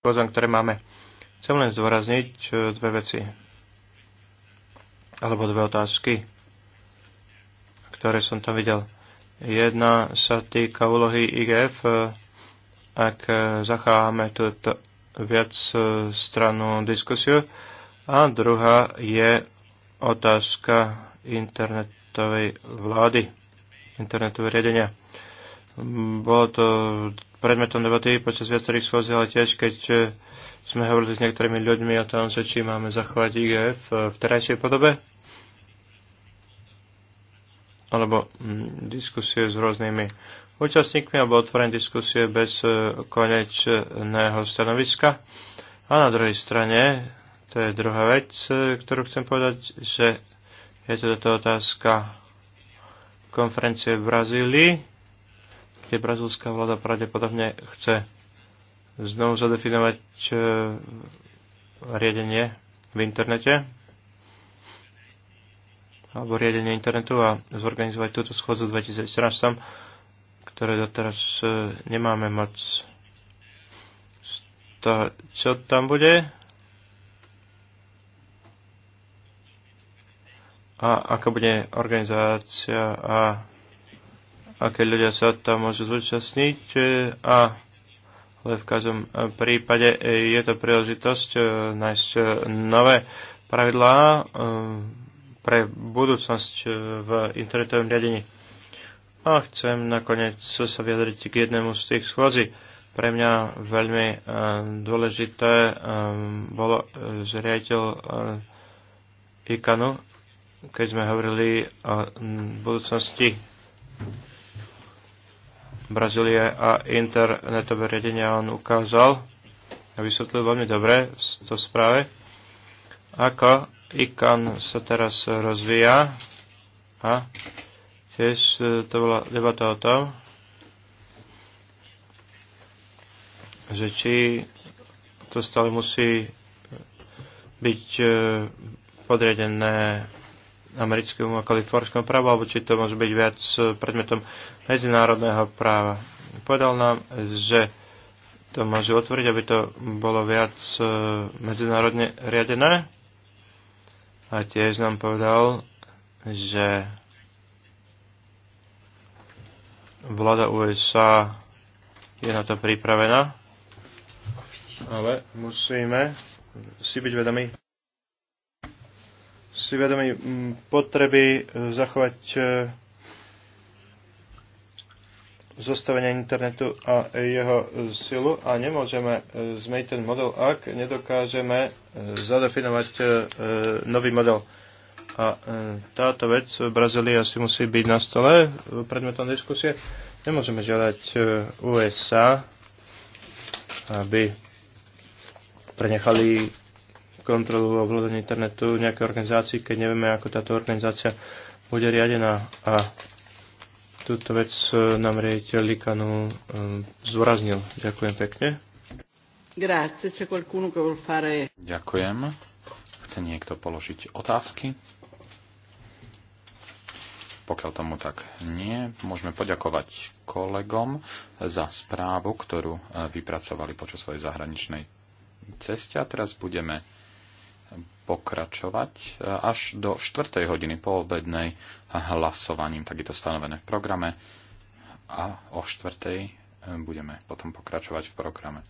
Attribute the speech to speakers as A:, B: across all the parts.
A: hrozom, ktoré máme. Chcem len zdôrazniť e, dve veci, alebo dve otázky, ktoré som tam videl. Jedna sa týka úlohy IGF, e, ak e, zachávame túto viac stranu diskusiu, a druhá je otázka internetovej vlády, internetového riadenia. Bolo to predmetom debaty počas viacerých schôdzí, ale tiež keď e, sme hovorili s niektorými ľuďmi o tom, že či máme zachovať IGF e, v terajšej podobe, alebo mm, diskusie s rôznymi účastníkmi, alebo otvorené diskusie bez e, konečného stanoviska. A na druhej strane, to je druhá vec, ktorú chcem povedať, že je to táto otázka konferencie v Brazílii, kde brazilská vláda pravdepodobne chce znovu zadefinovať e, riadenie v internete alebo riadenie internetu a zorganizovať túto schôdzu v 2014, ktoré doteraz e, nemáme moc. To, čo tam bude? A ako bude organizácia a a keď ľudia sa tam môžu zúčastniť e, a ale v každom prípade e, je to príležitosť e, nájsť nové pravidlá pre budúcnosť v internetovom riadení. A chcem nakoniec sa vyjadriť k jednému z tých schôzí. Pre mňa veľmi dôležité bolo, že riaditeľ IKANu, keď sme hovorili o budúcnosti Brazílie a internetové riadenia on ukázal a vysvetlil veľmi dobre v to správe, ako ICAN sa teraz rozvíja a tiež e, to bola debata o tom, že či to stále musí e, byť e, podriadené americkému a kalifornskému právu, alebo či to môže byť viac eh, predmetom medzinárodného práva. Povedal nám, že to môže otvoriť, aby to bolo viac eh, medzinárodne riadené. A tiež nám povedal, že vláda USA je na to pripravená, ale musíme si byť vedomí si vedomi potreby e, zachovať e, zostavenie internetu a jeho e, silu a nemôžeme zmeniť ten model, ak nedokážeme zadefinovať nový model. A táto vec v Brazílii asi musí byť na stole predmetom diskusie. Nemôžeme žiadať USA, aby prenechali kontrolu ohľadom internetu nejakej organizácii, keď nevieme, ako táto organizácia bude riadená. A túto vec e, nám riaditeľ Likanu
B: e, zvoraznil. Ďakujem pekne.
C: Grazie, c'è qualcuno che vuol fare...
B: Ďakujem. Chce niekto položiť otázky? Pokiaľ tomu tak nie, môžeme poďakovať kolegom za správu, ktorú e, vypracovali počas svojej zahraničnej ceste. A teraz budeme pokračovať e, až do 4. hodiny po obednej hlasovaním, tak je to stanovené v programe a o 4. E, budeme potom pokračovať v programe.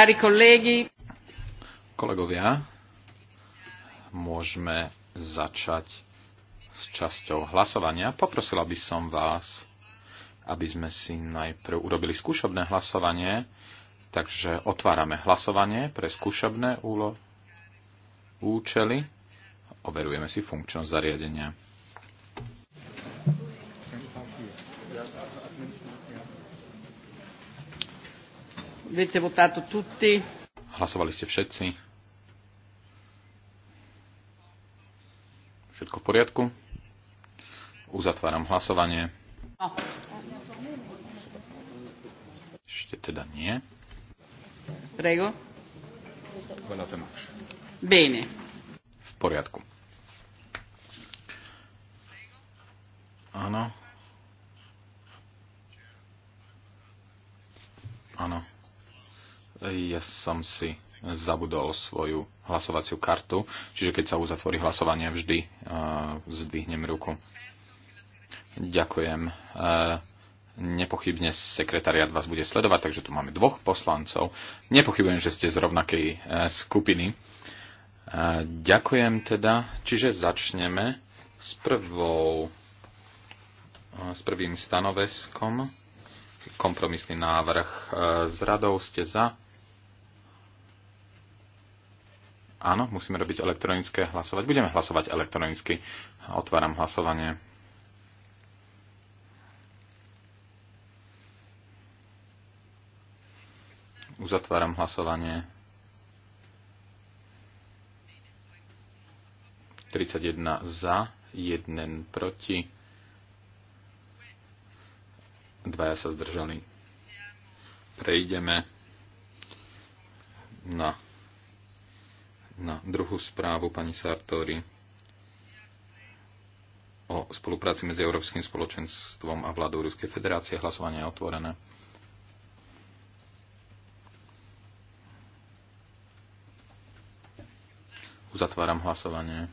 C: Cari colleghi.
B: Kolegovia, môžeme začať s časťou hlasovania. Poprosila by som vás, aby sme si najprv urobili skúšobné hlasovanie. Takže otvárame hlasovanie pre skúšobné úlo- účely. Overujeme si funkčnosť zariadenia.
C: Avete votato tutti?
B: Hlasovali ste všetci? Všetko v poriadku? Uzatváram hlasovanie. No. Ešte teda nie. Prego. Bene. V poriadku. Áno. ja som si zabudol svoju hlasovaciu kartu, čiže keď sa uzatvorí hlasovanie, vždy uh, zdvihnem ruku. Ďakujem. Uh, nepochybne sekretariat vás bude sledovať, takže tu máme dvoch poslancov. Nepochybujem, že ste z rovnakej uh, skupiny. Uh, ďakujem teda. Čiže začneme s prvou uh, s prvým stanoviskom kompromisný návrh. S radou ste za, Áno, musíme robiť elektronické hlasovať. Budeme hlasovať elektronicky. Otváram hlasovanie. Uzatváram hlasovanie. 31 za, 1 proti. Dvaja sa zdržali. Prejdeme na na druhú správu pani Sartori o spolupráci medzi Európskym spoločenstvom a vládou Ruskej federácie. Hlasovanie je otvorené. Uzatváram hlasovanie.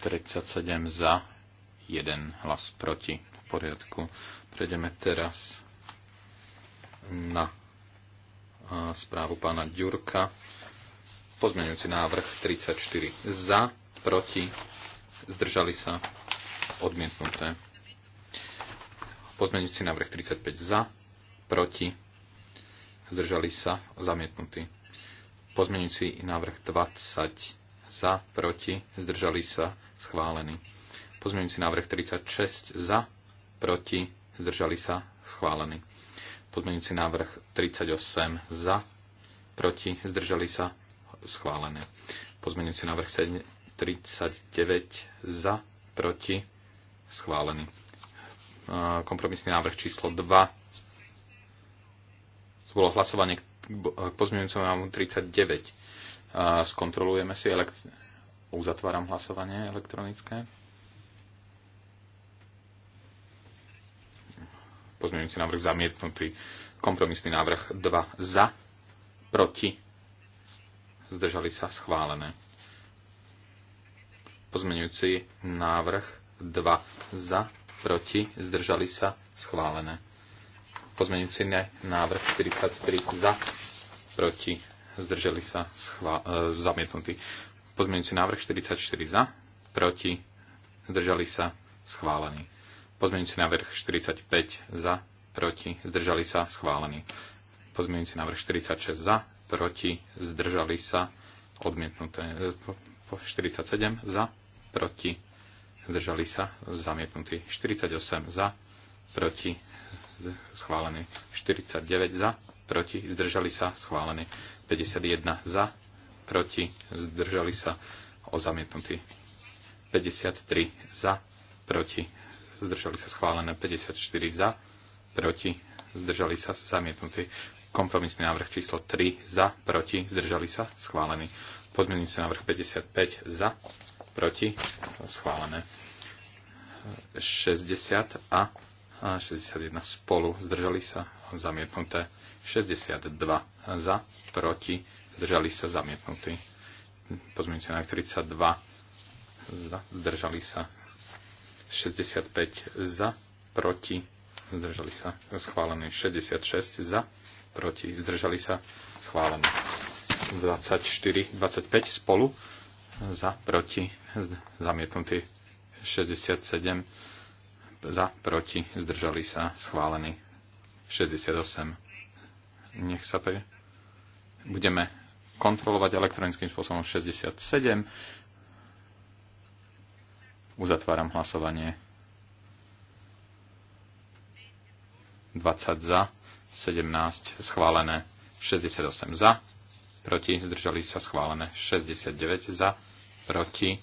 B: Tridsaťsedem za, jeden hlas proti. V poriadku. Prejdeme teraz na správu pána Ďurka. Pozmeňujúci návrh 34 za, proti, zdržali sa, odmietnuté. Pozmeňujúci návrh 35 za, proti, zdržali sa, zamietnutý. Pozmeňujúci návrh 20 za, proti, zdržali sa, schválený. Pozmeňujúci návrh 36 za, proti, zdržali sa, schválený Pozmeňujúci návrh 38 za, proti, zdržali sa, schválené. Pozmeňujúci návrh 39 za, proti, schválený. Kompromisný návrh číslo 2. To bolo hlasovanie k pozmeňujúcemu návrhu 39. Skontrolujeme si, elekt- uzatváram hlasovanie elektronické. Pozmeňujúci návrh zamietnutý. Kompromisný návrh 2 za, proti, zdržali sa schválené. Pozmeňujúci návrh 2 za, proti, zdržali sa schválené. Pozmeňujúci návrh 43 za, proti, zdržali sa schvá- e, zamietnutý. Pozmeňujúci návrh 44 za, proti, zdržali sa schválený. Pozmeňujúci návrh 45 za, proti, zdržali sa, schválený. Pozmeňujúci návrh 46 za, proti, zdržali sa, odmietnuté. 47 e, za, proti, zdržali sa, zamietnutý. 48 za, proti, schválený. 49 za, proti, zdržali sa, schválený. 51 za, proti, zdržali sa, o zamietnutý. 53 za, proti, zdržali sa schválené 54 za, proti, zdržali sa zamietnutý. Kompromisný návrh číslo 3 za, proti, zdržali sa schválený. Podmienujúci návrh 55 za, proti, schválené. 60 a 61 spolu, zdržali sa zamietnuté. 62 za, proti, zdržali sa zamietnutí. Pozmienujúci návrh 32 za, zdržali sa 65 za, proti, zdržali sa, schválené 66 za, proti, zdržali sa, schválené 24, 25 spolu, za, proti, zamietnutý. 67 za, proti, zdržali sa, schválený. 68. Nech sa pe... Budeme kontrolovať elektronickým spôsobom 67. Uzatváram hlasovanie. 20 za, 17 schválené, 68 za, proti, zdržali sa schválené, 69 za, proti,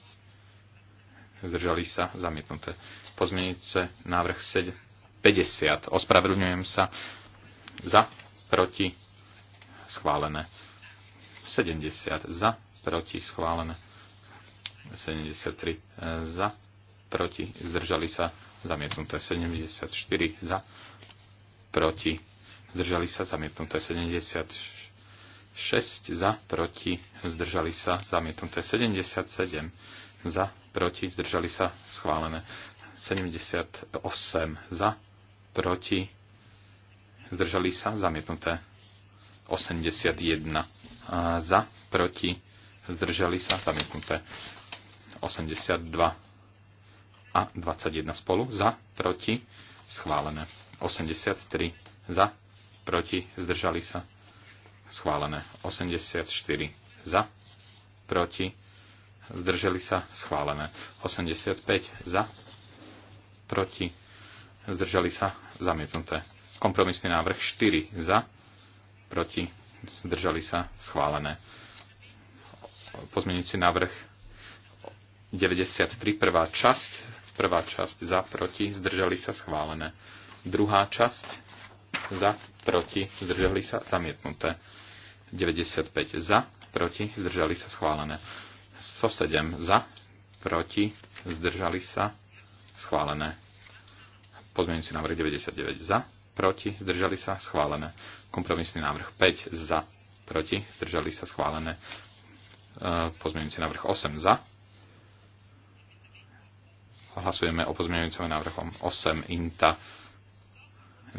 B: zdržali sa zamietnuté. sa návrh 50, ospravedlňujem sa, za, proti, schválené, 70 za, proti, schválené, 73 e, za, proti, zdržali sa, zamietnuté 74 za, proti, zdržali sa, zamietnuté 76 za, proti, zdržali sa, zamietnuté 77 za, proti, zdržali sa, schválené 78 za, proti, zdržali sa, zamietnuté 81 za, proti, zdržali sa, zamietnuté 82 a 21 spolu za, proti, schválené. 83 za, proti, zdržali sa, schválené. 84 za, proti, zdržali sa, schválené. 85 za, proti, zdržali sa, zamietnuté. Kompromisný návrh 4 za, proti, zdržali sa, schválené. Pozmeňujúci návrh 93, prvá časť, prvá časť za, proti, zdržali sa schválené. Druhá časť za, proti, zdržali sa zamietnuté. 95 za, proti, zdržali sa schválené. 107 za, proti, zdržali sa schválené. Pozmeňujúci návrh 99 za, proti, zdržali sa schválené. Kompromisný návrh 5 za, proti, zdržali sa schválené. E, pozmeňujúci návrh 8 za, hlasujeme o pozmeňujúcom návrhom 8 INTA.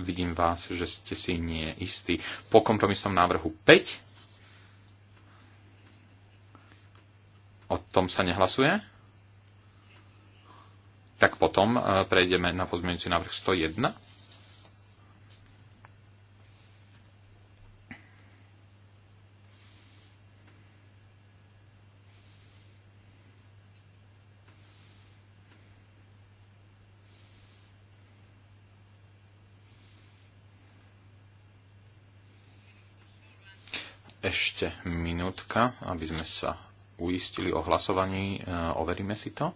B: Vidím vás, že ste si nie istí. Po kompromisnom návrhu 5 o tom sa nehlasuje? Tak potom e, prejdeme na pozmeňujúci návrh 101. ešte minútka, aby sme sa uistili o hlasovaní. E, overíme si to.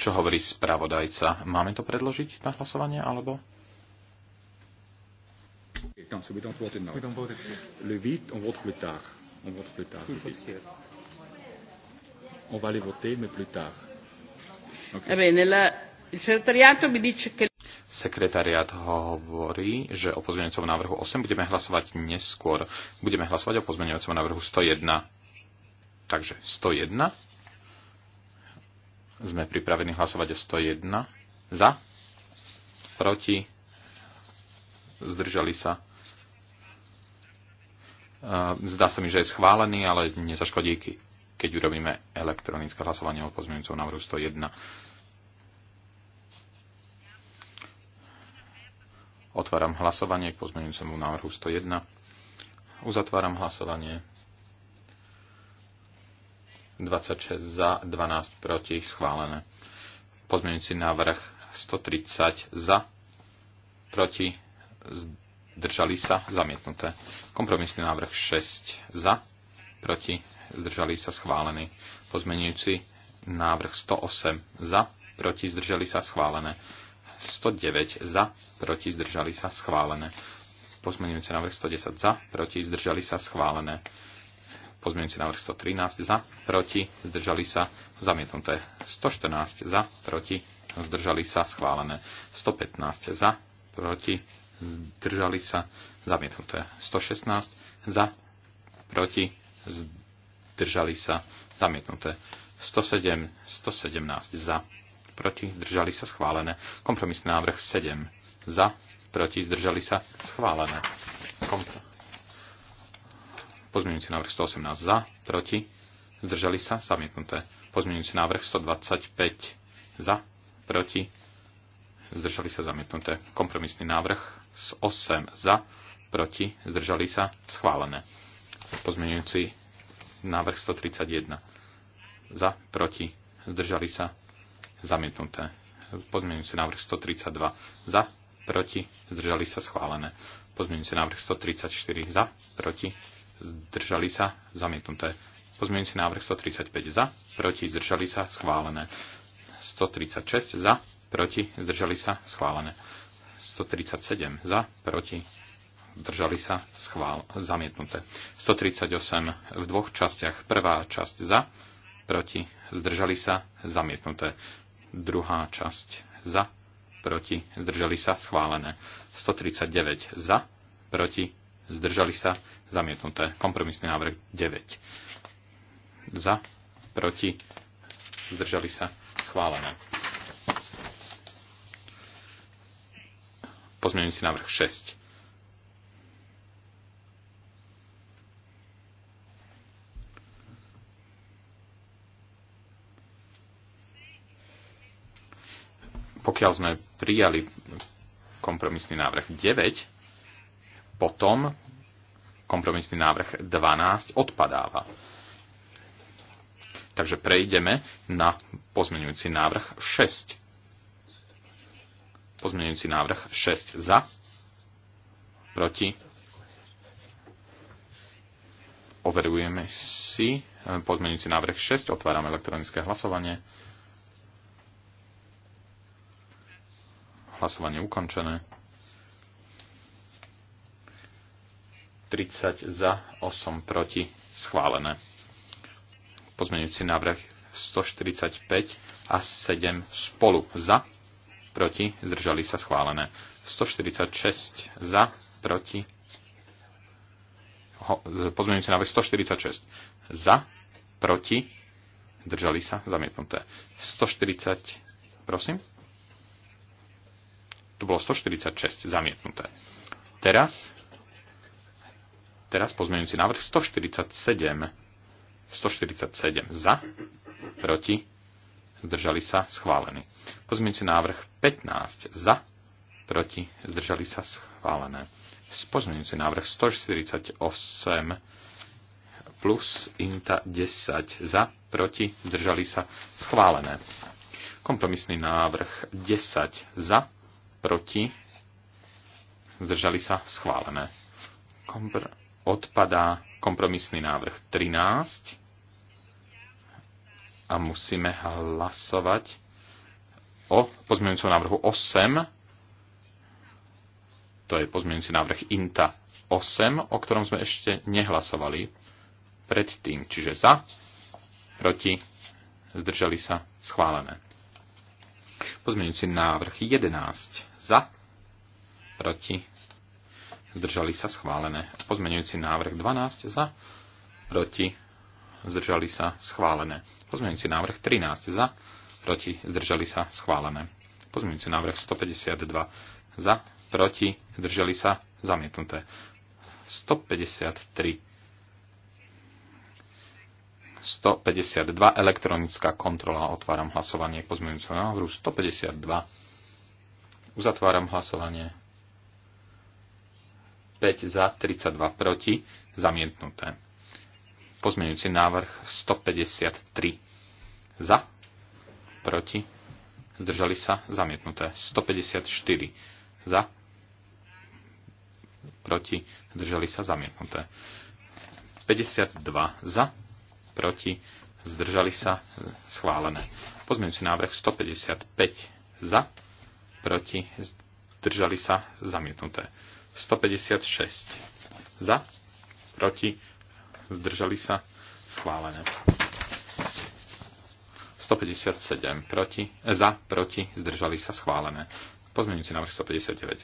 B: Čo hovorí spravodajca? Máme to predložiť na hlasovanie, alebo? Non, 8 on vote plus tard. On vote plus tard on va les voter, mais plus tard. Okay. Eh bene,
C: la, il mi dice che...
B: Sekretariat hovorí, že o pozmeňujúcom návrhu 8 budeme hlasovať neskôr. Budeme hlasovať o pozmeňujúcom návrhu 101. Takže 101. Sme pripravení hlasovať o 101. Za? Proti? Zdržali sa? Eh, zdá sa mi, že je schválený, ale nezaškodí keď urobíme elektronické hlasovanie o pozmeňujúcom návrhu 101. Otváram hlasovanie k pozmeňujúcemu návrhu 101. Uzatváram hlasovanie. 26 za, 12 proti, schválené. Pozmeňujúci návrh 130 za, proti, zdržali sa, zamietnuté. Kompromisný návrh 6 za, proti, zdržali sa schválený. Pozmenujúci návrh 108 za, proti, zdržali sa schválené. 109 za, proti, zdržali sa schválené. Pozmenujúci návrh 110 za, proti, zdržali sa schválené. Pozmenujúci návrh 113 za, proti, zdržali sa zamietnuté. 114 za, proti, zdržali sa schválené. 115 za, proti, zdržali sa zamietnuté. 116 za, proti, zdržali sa zamietnuté. 107, 117 za, proti, zdržali sa schválené. Kompromisný návrh 7 za, proti, zdržali sa schválené. Pozmienujúci návrh 118 za, proti, zdržali sa zamietnuté. Pozmienujúci návrh 125 za, proti, zdržali sa zamietnuté. Kompromisný návrh 8 za, proti, zdržali sa schválené. Pozmenujúci návrh 131. Za, proti, zdržali sa, zamietnuté. Pozmenujúci návrh 132. Za, proti, zdržali sa, schválené. Pozmenujúci návrh 134. Za, proti, zdržali sa, zamietnuté. Pozmenujúci návrh 135. Za, proti, zdržali sa, schválené. 136. Za, proti, zdržali sa, schválené. 137. Za, proti, Zdržali sa? Schvál. Zamietnuté. 138 v dvoch častiach. Prvá časť za. Proti. Zdržali sa? Zamietnuté. Druhá časť za. Proti. Zdržali sa? Schválené. 139 za. Proti. Zdržali sa? Zamietnuté. Kompromisný návrh 9. Za. Proti. Zdržali sa? Schválené. si návrh 6 pokiaľ sme prijali kompromisný návrh 9, potom kompromisný návrh 12 odpadáva. Takže prejdeme na pozmeňujúci návrh 6. Pozmeňujúci návrh 6 za, proti. Overujeme si pozmeňujúci návrh 6, otvárame elektronické hlasovanie. Hlasovanie ukončené. 30 za, 8 proti. Schválené. Pozmeňujúci návrh 145 a 7 spolu za, proti, zdržali sa schválené. 146 za, proti, e, pozmeňujúci návrh 146 za, proti, držali sa, zamietnuté. 140, prosím. Tu bolo 146 zamietnuté. Teraz, teraz pozmeňujúci návrh 147, 147 za, proti, zdržali sa, schválený. Pozmeňujúci návrh 15 za, proti, zdržali sa, schválené. Pozmeňujúci návrh 148 plus INTA 10 za, proti, zdržali sa, schválené. Kompromisný návrh 10 za, proti, zdržali sa, schválené. Kompr- odpadá kompromisný návrh 13 a musíme hlasovať o pozmeňujúcom návrhu 8. To je pozmeňujúci návrh INTA 8, o ktorom sme ešte nehlasovali predtým. Čiže za, proti, zdržali sa, schválené. Pozmeňujúci návrh 11. Za. Proti. Zdržali sa schválené. Pozmeňujúci návrh 12. Za. Proti. Zdržali sa schválené. Pozmeňujúci návrh 13. Za. Proti. Zdržali sa schválené. Pozmeňujúci návrh 152. Za. Proti. Zdržali sa zamietnuté. 153 152 elektronická kontrola. Otváram hlasovanie pozmeňujúceho návrhu 152. Uzatváram hlasovanie. 5 za, 32 proti, zamietnuté. Pozmeňujúci návrh 153 za, proti, zdržali sa, zamietnuté. 154 za, proti, zdržali sa, zamietnuté. 52 za, proti, zdržali sa, schválené. Pozmeňujúci návrh 155 za, proti, zdržali sa, zamietnuté. 156 za, proti, zdržali sa, schválené. 157 proti, eh, za, proti, zdržali sa, schválené. Pozmeňujúci návrh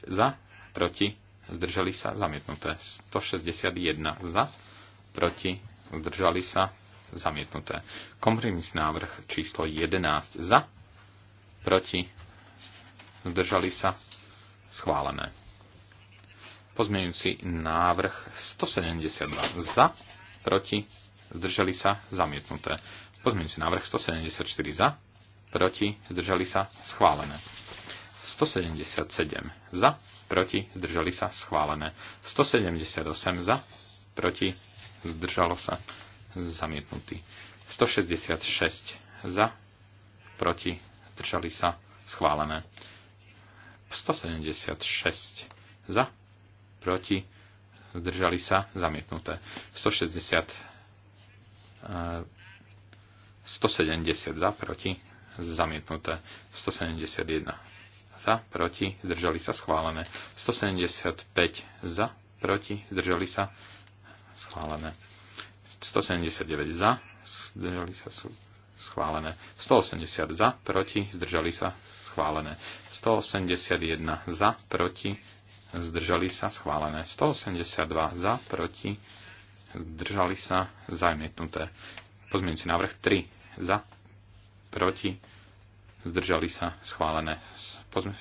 B: 159 za, proti, zdržali sa, zamietnuté. 161 za, proti, zdržali sa, zamietnuté. Kompromis návrh číslo 11 za, proti, zdržali sa, schválené. Pozmeňujúci návrh 172 za, proti, zdržali sa, zamietnuté. Pozmeňujúci návrh 174 za, proti, zdržali sa, schválené. 177 za, proti, zdržali sa, schválené. 178 za, proti, zdržalo sa, schválené zamietnutý. 166 za, proti, držali sa, schválené. 176 za, proti, držali sa, zamietnuté. 160, 170 za, proti, zamietnuté. 171 za, proti, zdržali sa, schválené. 175 za, proti, držali e, sa, schválené. 179 za, zdržali sa sú schválené. 180 za, proti, zdržali sa schválené. 181 za, proti, zdržali sa schválené. 182 za, proti, zdržali sa zamietnuté. Pozmienujúci návrh 3 za, proti, zdržali sa schválené. 4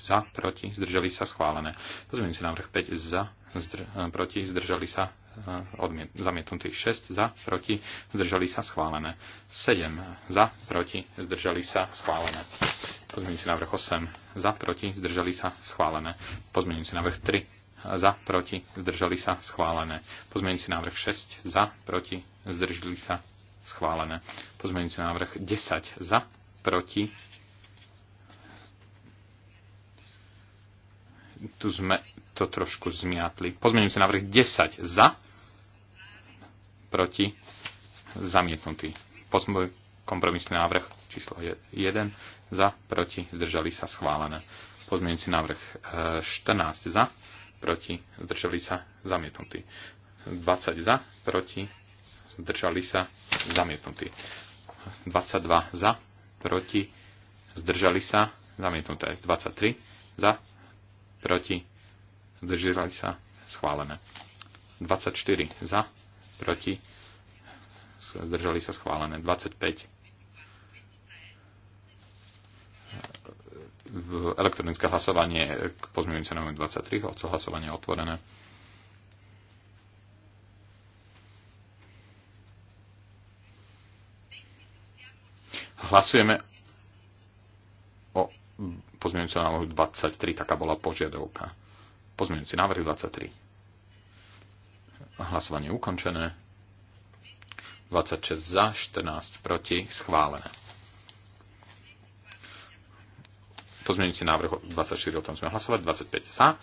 B: za, proti, zdržali sa schválené. Pozmienujúci návrh 5 za, zdr- proti, zdržali sa Eh, zamietnutých 6 za, proti, zdržali sa schválené. 7 za, proti, zdržali sa schválené. Pozmeňujúci návrh 8 za, proti, zdržali sa schválené. Pozmeňujúci návrh 3 za, proti, zdržali sa schválené. Pozmeňujúci návrh 6 za, proti, zdržali sa schválené. Pozmeňujúci návrh 10 za, proti, tu sme to trošku zmiatli. Pozmením si návrh 10 za, proti, zamietnutý. Pozmúj kompromisný návrh číslo 1 za, proti, zdržali sa schválené. Pozmienujúci návrh 14 e, za, proti, zdržali sa zamietnutý. 20 za, proti, zdržali sa zamietnutý. 22 za, proti, zdržali sa zamietnuté. 23 za, proti, zdržali sa schválené. 24 za, proti, zdržali sa schválené 25. V elektronické hlasovanie k pozmeňujúce návrhu 23, hoco hlasovanie je otvorené. Hlasujeme o pozmeňujúcom návrhu 23, taká bola požiadavka. Pozmeňujúci návrh 23. Hlasovanie ukončené. 26 za, 14 proti, schválené. Pozmeňujúci návrh 24, o tom sme hlasovať, 25 za,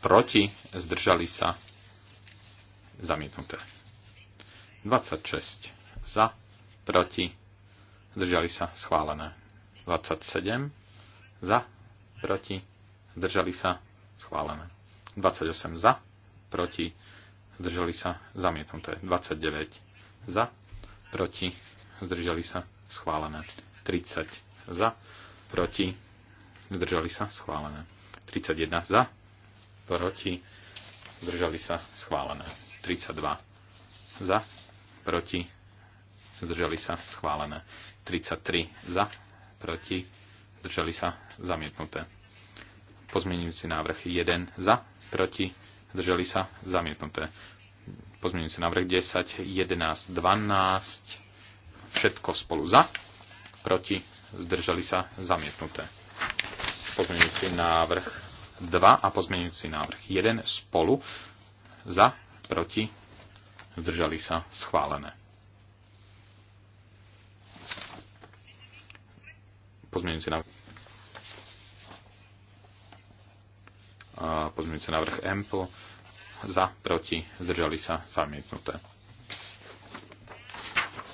B: proti, zdržali sa, zamietnuté. 26 za, proti, zdržali sa, schválené. 27 za, proti, zdržali sa, schválené. 28 za, proti, zdržali sa, zamietnuté. 29 za, proti, zdržali sa, schválené. 30 za, proti, zdržali sa, schválené. 31 za, proti, zdržali sa, schválené. 32 za, proti, zdržali sa, schválené. 33 za, proti, zdržali sa, zamietnuté. Pozmenujúci návrh 1 za, proti, zdržali sa, zamietnuté. Pozmeňujúci návrh 10, 11, 12, všetko spolu za, proti, zdržali sa, zamietnuté. Pozmeňujúci návrh 2 a pozmeňujúci návrh 1 spolu za, proti, zdržali sa, schválené. Pozmeňujúci návrh pozmeňujúce návrh EMPL za, proti, zdržali sa, zamietnuté.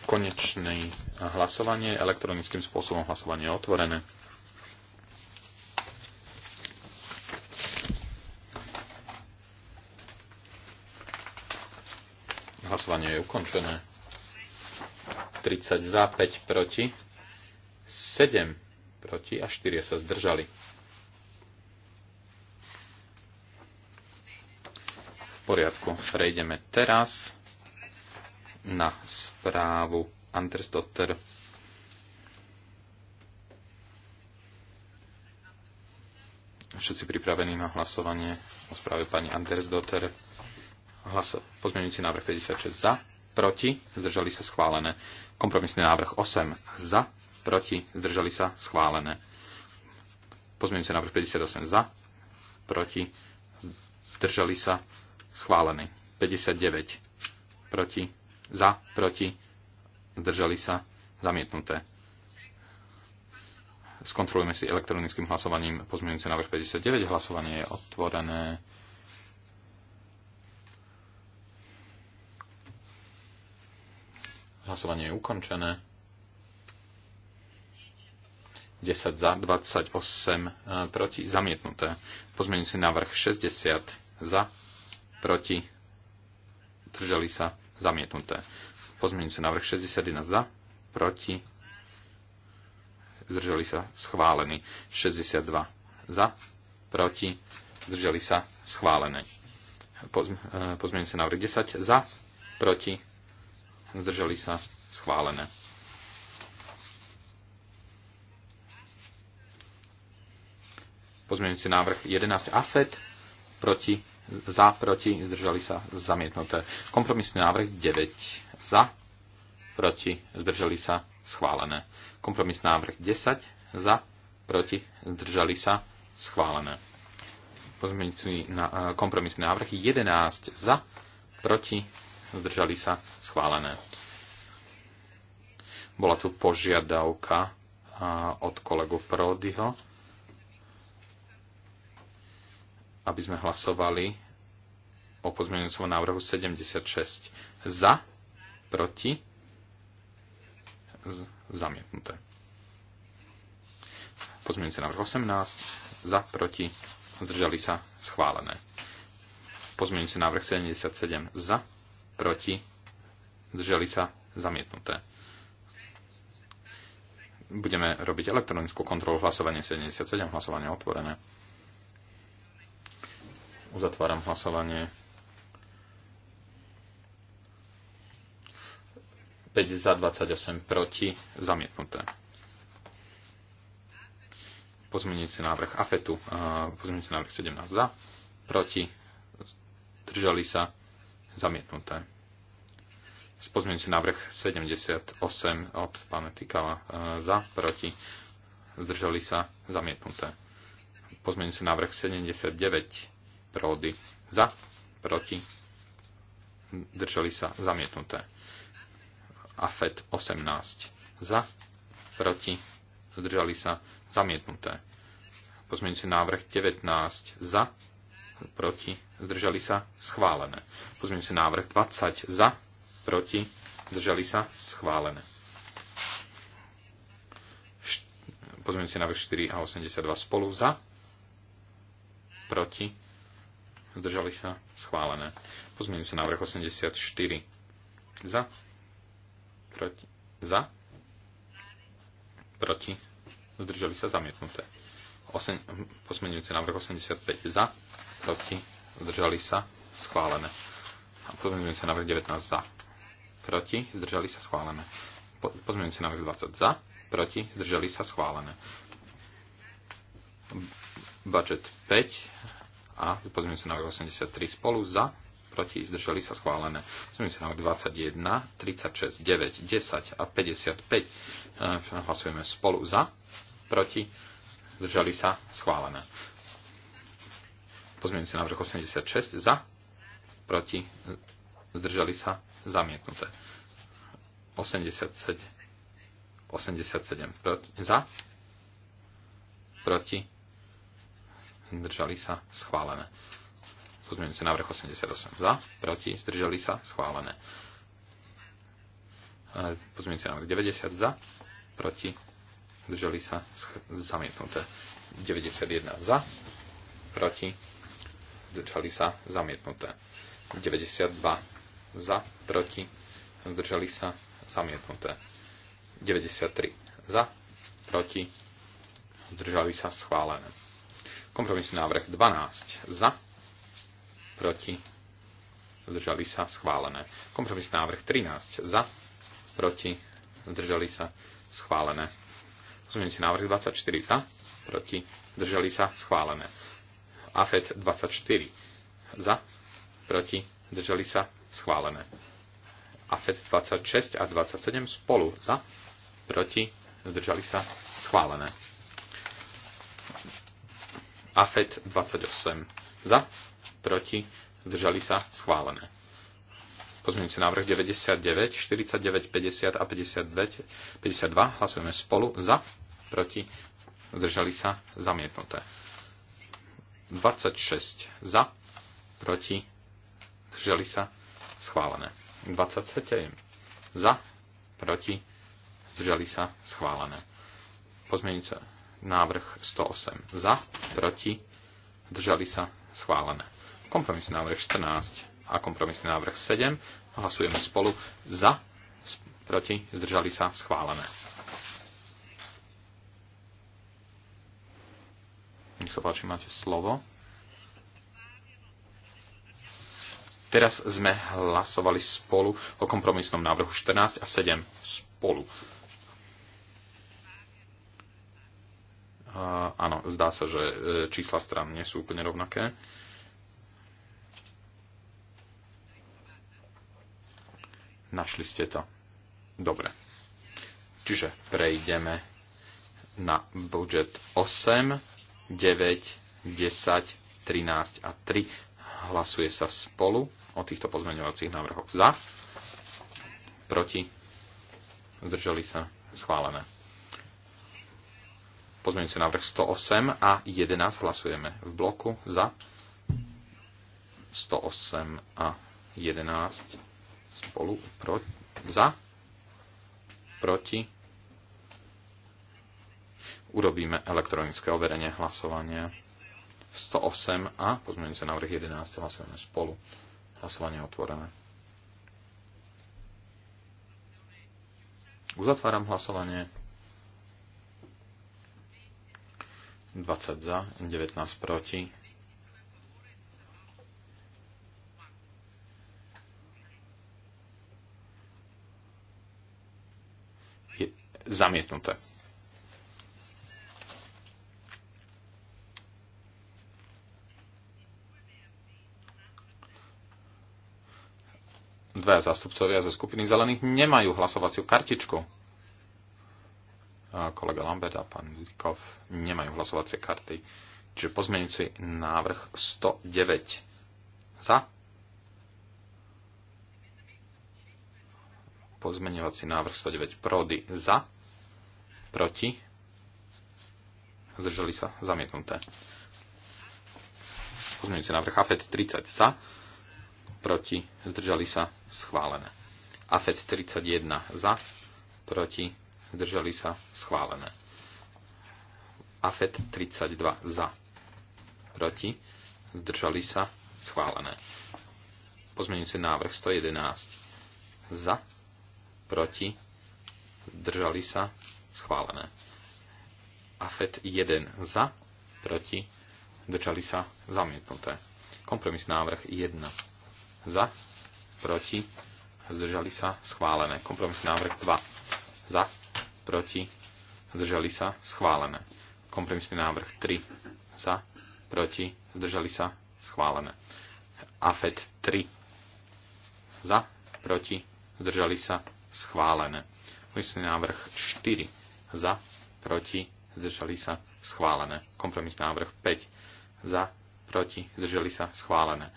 B: Konečné hlasovanie, elektronickým spôsobom hlasovanie je otvorené. Hlasovanie je ukončené. 30 za, 5 proti, 7 proti a 4 sa zdržali. poriadku, prejdeme teraz na správu Dotter. Všetci pripravení na hlasovanie o správe pani Dotter, Hlas, pozmeňujúci návrh 56 za, proti, zdržali sa schválené. Kompromisný návrh 8 za, proti, zdržali sa schválené. Pozmeňujúci návrh 58 za, proti, zdržali sa schválené schválený. 59 proti, za, proti, zdržali sa, zamietnuté. Skontrolujeme si elektronickým hlasovaním pozmeňujúce návrh 59. Hlasovanie je otvorené. Hlasovanie je ukončené. 10 za, 28 e, proti, zamietnuté. Pozmeňujúci návrh 60 za, proti, držali sa, zamietnuté. Pozmeňujúci návrh 61 za, proti, zdržali sa, schválený. 62 e, za, proti, zdržali sa, schválené. Pozmeňujúci návrh 10 za, proti, zdržali sa, schválené. Pozmeňujúci návrh 11 AFED proti za, proti, zdržali sa, zamietnuté. Kompromisný návrh 9, za, proti, zdržali sa, schválené. Kompromisný návrh 10, za, proti, zdržali sa, schválené. Pozmeňujúci eh, kompromisný návrh 11, za, proti, zdržali sa, schválené. Bola tu požiadavka eh, od kolegu Prodyho, aby sme hlasovali o pozmeňujúcom návrhu 76 za, proti, zamietnuté. Pozmeňujúci návrh 18 za, proti, zdržali sa, schválené. Pozmeňujúci návrh 77 za, proti, zdržali sa, zamietnuté. Budeme robiť elektronickú kontrolu hlasovanie 77, hlasovanie otvorené. Uzatváram hlasovanie. 5 za 28 proti, zamietnuté. Pozmeňujúci návrh AFETu, pozmeňujúci návrh 17 za, proti, držali sa, zamietnuté. Pozmeňujúci návrh 78 od pána Tikala za, proti, zdržali sa, zamietnuté. Pozmeňujúci návrh 79 Prody za, proti, držali sa zamietnuté. AFET 18 za, proti, zdržali sa zamietnuté. Pozmeňujúci návrh 19 za, proti, zdržali sa schválené. Pozmeňujúci návrh 20 za, proti, zdržali sa schválené. Pozmeňujúci návrh 4 a 82 spolu za, proti, Zdržali sa? Schválené. Pozmením sa návrh 84. Za? Proti? Za? Proti? Zdržali sa? Zamietnuté. 8, pozmenujúci návrh 85 za, proti, zdržali sa, schválené. A pozmenujúci návrh 19 za, proti, zdržali sa, schválené. Po, pozmenujúci návrh 20 za, proti, zdržali sa, schválené. Budget 5 a sa na 83 spolu za, proti, zdržali sa schválené. sa na 21, 36, 9, 10 a 55 e, hlasujeme spolu za, proti, zdržali sa schválené. si návrh 86 za, proti, zdržali sa zamietnuté. 87, 87 proti, za, proti, zdržali sa, schválené. Pozmeňujúce návrh 88 za, proti, zdržali sa, schválené. E, Pozmeňujúce návrh 90 za, proti, zdržali sa, zamietnuté. 91 za, proti, zdržali sa, zamietnuté. 92 za, proti, zdržali sa, zamietnuté. 93 za, proti, zdržali sa, schválené. Kompromisný návrh 12 za, proti, zdržali sa, schválené. Kompromisný návrh 13 za, proti, zdržali sa, schválené. Pozmeňujúci návrh 24 za, proti, zdržali sa, schválené. AFET 24 za, proti, zdržali sa, schválené. AFET 26 a 27 spolu za, proti, zdržali sa, schválené. AFET 28 za, proti, zdržali sa, schválené. Pozmeňujúci návrh 99, 49, 50 a 52, 52 hlasujeme spolu za, proti, zdržali sa, zamietnuté. 26 za, proti, zdržali sa, schválené. 27 za, proti, zdržali sa, schválené. Pozmeňujúce Návrh 108 za, proti, držali sa, schválené. Kompromisný návrh 14 a kompromisný návrh 7 hlasujeme spolu za, proti, zdržali sa, schválené. Nech sa páči, máte slovo. Teraz sme hlasovali spolu o kompromisnom návrhu 14 a 7 spolu. áno, zdá sa, že e, čísla stran nie sú úplne rovnaké. Našli ste to. Dobre. Čiže prejdeme na budget 8, 9, 10, 13 a 3. Hlasuje sa spolu o týchto pozmeňovacích návrhoch. Za, proti, zdržali sa, schválené. Pozmeňujúci návrh 108 a 11 hlasujeme v bloku za 108 a 11 spolu pro, za proti urobíme elektronické overenie hlasovania 108 a pozmeňujúci návrh 11 hlasujeme spolu. Hlasovanie otvorené. Uzatváram hlasovanie. 20 za, 19 proti. Je zamietnuté. Dvaja zástupcovia zo skupiny zelených nemajú hlasovaciu kartičku kolega Lambert a pán Likov nemajú hlasovacie karty. Čiže pozmeňujúci návrh 109 za. Pozmeňovací návrh 109 Prody za. Proti. Zdržali sa zamietnuté. Pozmeňujúci návrh AFET 30 za. Proti. Zdržali sa schválené. AFET 31 za. Proti zdržali sa, schválené. AFET 32 za, proti, zdržali sa, schválené. Pozmeňujúci návrh 111 za, proti, zdržali sa, schválené. AFET 1 za, proti, zdržali sa, zamietnuté. Kompromis návrh 1 za, proti, zdržali sa, schválené. Kompromis návrh 2 za, proti, zdržali sa, schválené. Kompromisný návrh 3 za, proti, zdržali sa, schválené. AFET 3 za, proti, zdržali sa, schválené. Kompromisný návrh 4 za, proti, zdržali sa, schválené. Kompromisný návrh 5 za, proti, zdržali sa, schválené.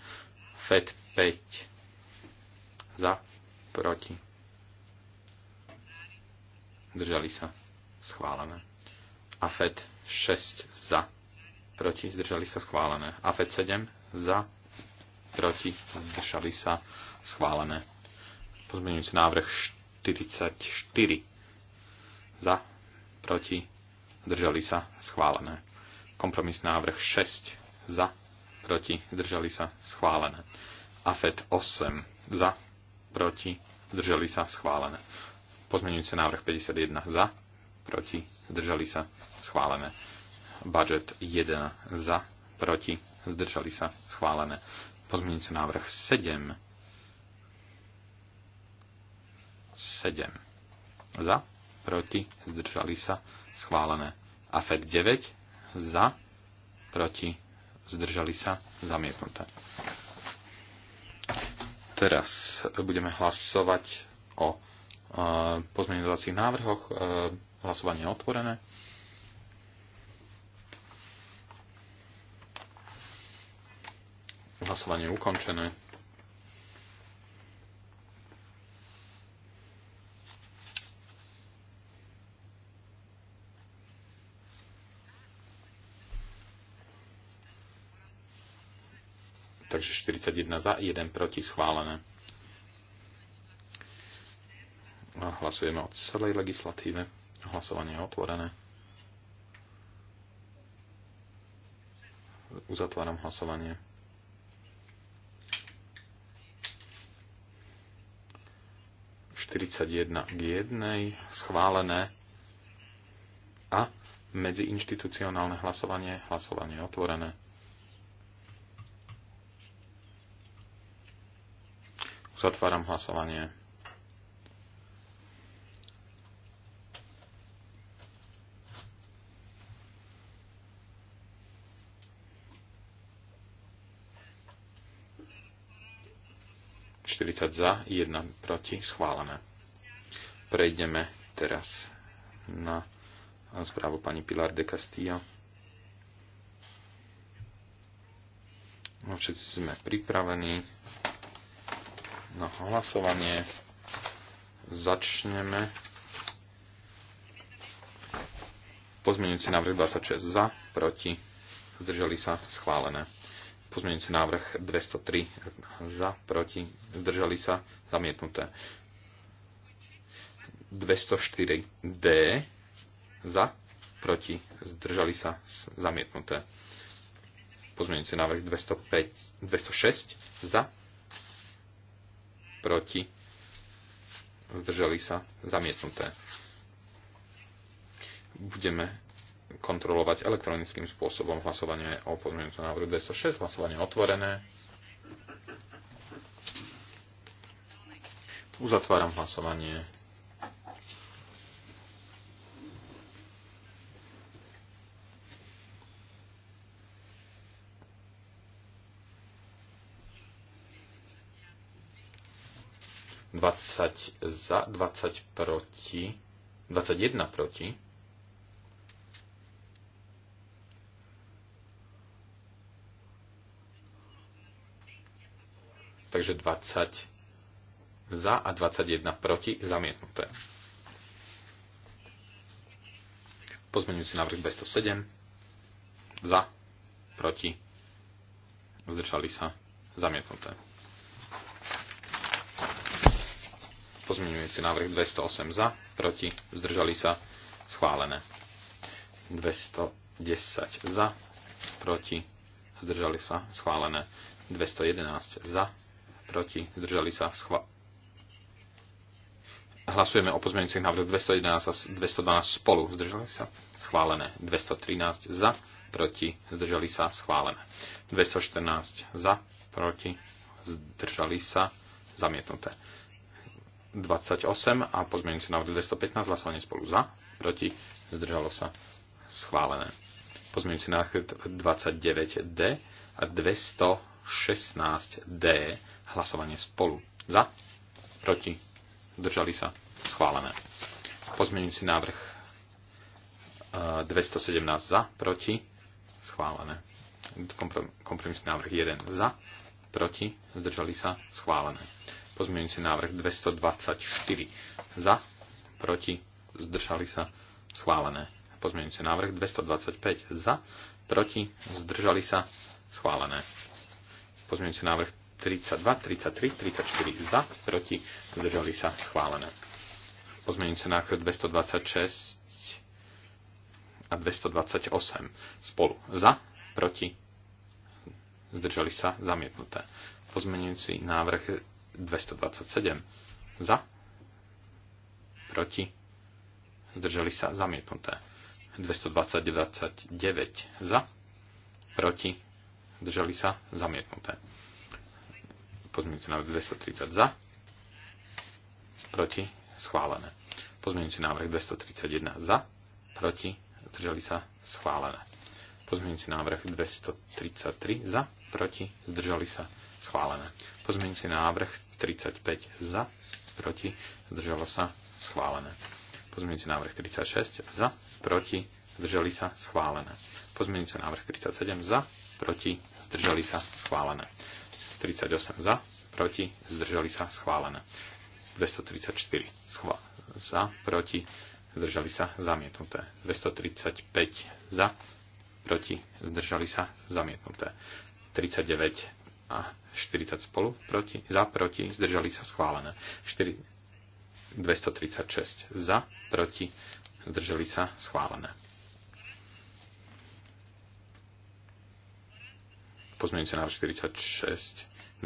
B: FED 5 za, proti, zdržali sa, schválené. Afet 6 za, proti, zdržali sa, schválené. Afet 7 za, proti, zdržali sa, schválené. Pozmeňujúci návrh 44 za, proti, zdržali sa, schválené. Kompromis návrh 6 za, proti, zdržali sa, schválené. Afet 8 za, proti, zdržali sa, schválené pozmeňujúce návrh 51 za, proti, zdržali sa, schválené. Budget 1 za, proti, zdržali sa, schválené. Pozmeňujúce návrh 7. 7 za, proti, zdržali sa, schválené. AFED 9 za, proti, zdržali sa, zamietnuté. Teraz budeme hlasovať o pozmeňovacích návrhoch. E, hlasovanie je otvorené. Hlasovanie je ukončené. Takže 41 za, 1 proti schválené. Hlasujeme o celej legislatíve. Hlasovanie je otvorené. Uzatváram hlasovanie. ...41 k 1 schválené a medziinštitucionálne hlasovanie, hlasovanie otvorené. Uzatváram hlasovanie. 40 za, 1 proti, schválené. Prejdeme teraz na správu pani Pilar de Castillo. No, všetci sme pripravení na hlasovanie. Začneme. Pozmeňujúci návrh 26 za, proti, zdržali sa, schválené. Pozmeňujúci návrh 203 za, proti, zdržali sa, zamietnuté. 204D za, proti, zdržali sa, zamietnuté. Pozmeňujúci návrh 205, 206 za, proti, zdržali sa, zamietnuté. Budeme kontrolovať elektronickým spôsobom hlasovanie o pozmeňujúcom návrhu 206, hlasovanie otvorené. Uzatváram hlasovanie. Dvadsať za, dvadsať proti, dvadsať jedna proti. takže 20 za a 21 proti zamietnuté. Pozmeňujúci návrh 207 za, proti, zdržali sa, zamietnuté. Pozmeňujúci návrh 208 za, proti, zdržali sa, schválené. 210 za, proti, zdržali sa, schválené. 211 za, proti, zdržali sa, schva... Hlasujeme o pozmeňujúcich návrhoch 211 a 212 spolu, zdržali sa, schválené. 213 za, proti, zdržali sa, schválené. 214 za, proti, zdržali sa, zamietnuté. 28 a pozmeňujúci návrh 215, hlasovanie spolu za, proti, zdržalo sa, schválené. Pozmeňujúci návrh 29D a 216D hlasovanie spolu. Za, proti, zdržali sa, schválené. Pozmeňujúci návrh 217 e, za, proti, schválené. Kompromisný návrh 1 za, proti, zdržali sa, schválené. Pozmeňujúci návrh 224 za, proti, zdržali sa, schválené. Pozmeňujúci návrh 225 za, proti, zdržali sa, schválené. Pozmeňujúci návrh 32, 33, 34 za, proti, zdržali sa, schválené. Pozmeňujúce návrh 226 a 228 spolu za, proti, zdržali sa, zamietnuté. Pozmenujúci návrh 227 za, proti, zdržali sa, zamietnuté. 229 za, proti, zdržali sa, zamietnuté. Pozmeňujúci návrh 230 za. Proti. Schválené. Pozmeňujúci návrh 231 za. Proti. Zdržali sa. Schválené. Pozmeňujúci návrh 233 za. Proti. Zdržali sa. Schválené. Pozmeňujúci návrh 35 za. Proti. Zdržalo sa. Schválené. Pozmeňujúci návrh 36 za. Proti. Zdržali sa. Schválené. Pozmeňujúci návrh 37 za. Proti. Zdržali sa. Schválené. 238 za, proti, zdržali sa, schválené. 234 schvá- za, proti, zdržali sa, zamietnuté. 235 za, proti, zdržali sa, zamietnuté. 39 a 40 spolu, proti, za, proti, zdržali sa, schválené. 4, 236 za, proti, zdržali sa, schválené. sa návrh 46, 238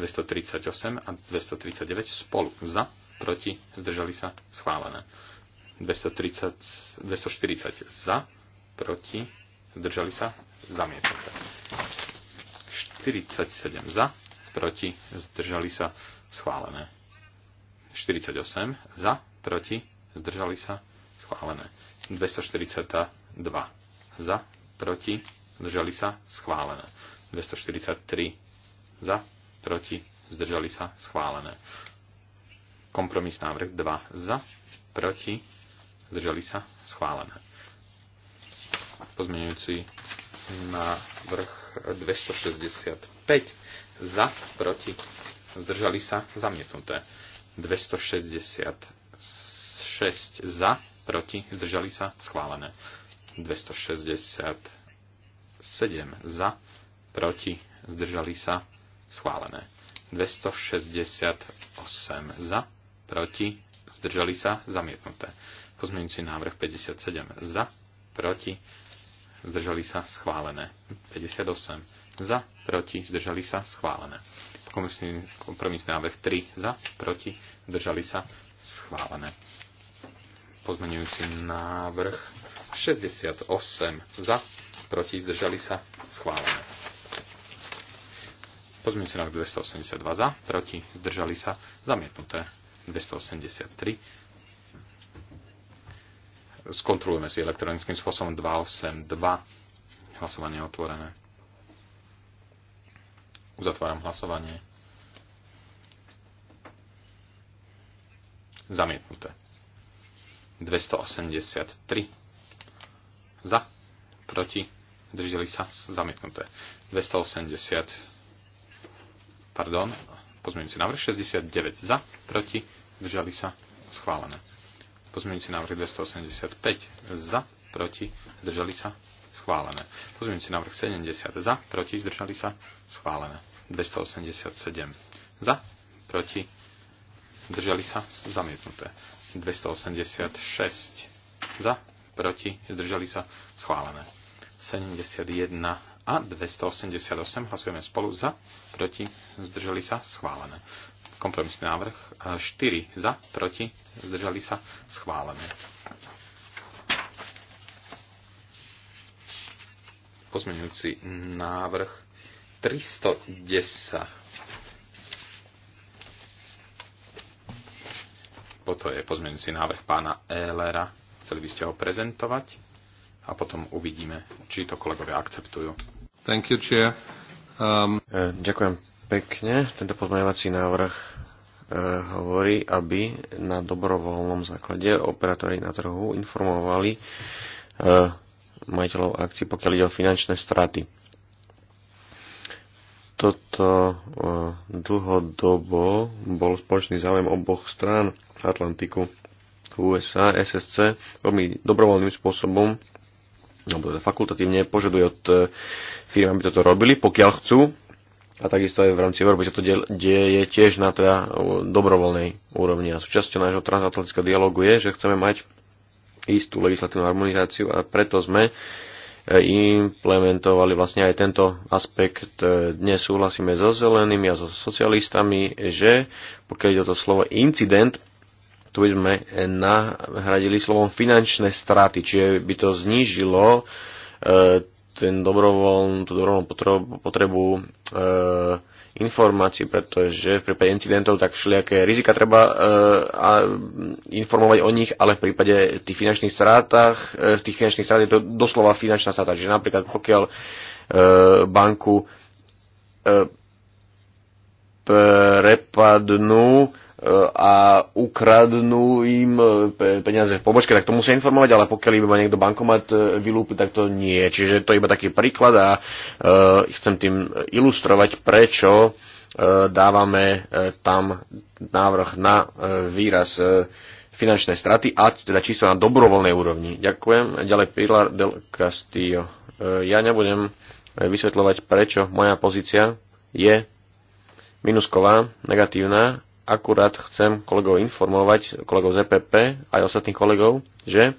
B: a 239 spolu. Za, proti, zdržali sa, schválené. 230, 240 za, proti, zdržali sa, zamietnuté. 47 za, proti, zdržali sa, schválené. 48 za, proti, zdržali sa, schválené. 242 za, proti, zdržali sa, schválené. 243 za, proti, zdržali sa, schválené. Kompromis návrh 2 za, proti, zdržali sa, schválené. Pozmenujúci návrh 265 za, proti, zdržali sa, zamietnuté. 266 za, proti, zdržali sa, schválené. 267 za, proti, zdržali sa, schválené. 268 za, proti, zdržali sa, zamietnuté. Pozmeňujúci návrh 57 za, proti, zdržali sa, schválené. 58 za, proti, zdržali sa, schválené. kompromisný návrh 3 za, proti, zdržali sa, schválené. Pozmeňujúci návrh 68 za, proti, zdržali sa, schválené. Pozmeňujúci návrh 282 za, proti, zdržali sa, zamietnuté 283 skontrolujeme si elektronickým spôsobom 282. Hlasovanie je otvorené. Uzatváram hlasovanie. Zamietnuté. 283. Za. Proti. Drželi sa. Zamietnuté. 284 pardon, pozmeňujúci návrh 69 za, proti, zdržali sa, schválené. Pozmeňujúci návrh 285 za, proti, zdržali sa, schválené. Pozmeňujúci návrh 70 za, proti, zdržali sa, schválené. 287 za, proti, zdržali sa, zamietnuté. 286 za, proti, zdržali sa, schválené. 71 a 288. Hlasujeme spolu za, proti, zdržali sa, schválené. Kompromisný návrh 4 e, za, proti, zdržali sa, schválené. Pozmeňujúci návrh 310. Toto je pozmeňujúci návrh pána Ehlera. Chceli by ste ho prezentovať a potom uvidíme, či to kolegovia akceptujú.
A: Thank you, Chair. Um... E, ďakujem
D: pekne. Tento pozmeňovací návrh e, hovorí, aby na dobrovoľnom základe operátori na trhu informovali e, majiteľov akcií, pokiaľ ide o finančné straty. Toto dlhodobo bol spoločný záujem oboch strán Atlantiku USA, SSC veľmi dobrovoľným spôsobom alebo teda fakultatívne požaduje od e, firm, aby toto robili, pokiaľ chcú. A takisto aj v rámci Európy sa to deje tiež na teda dobrovoľnej úrovni. A súčasťou nášho transatlantického dialogu je, že chceme mať istú legislatívnu harmonizáciu a preto sme e, implementovali vlastne aj tento aspekt. E, dnes súhlasíme so zelenými a so socialistami, že pokiaľ ide o to slovo incident, tu by sme nahradili slovom finančné straty, čiže by to znížilo e, ten dobrovoľn, tú dobrovoľnú potrebu, potrebu e, informácií, pretože v prípade incidentov tak všelijaké rizika treba e, a, informovať o nich, ale v prípade tých finančných strátach, e, tých finančných strát je to doslova finančná strata. Čiže napríklad pokiaľ e, banku e, prepadnú a ukradnú im e, peniaze v pobočke, tak to musia informovať, ale pokiaľ iba niekto bankomat e, vylúpi, tak to nie. Čiže to je iba taký príklad a e, chcem tým ilustrovať, prečo dávame tam návrh na výraz finančnej straty a teda čisto na dobrovoľnej úrovni. Ďakujem. Ďalej Pilar del Castillo. Ja nebudem vysvetľovať, prečo moja pozícia je minusková, negatívna, akurát chcem kolegov informovať, kolegov z EPP, aj ostatných kolegov, že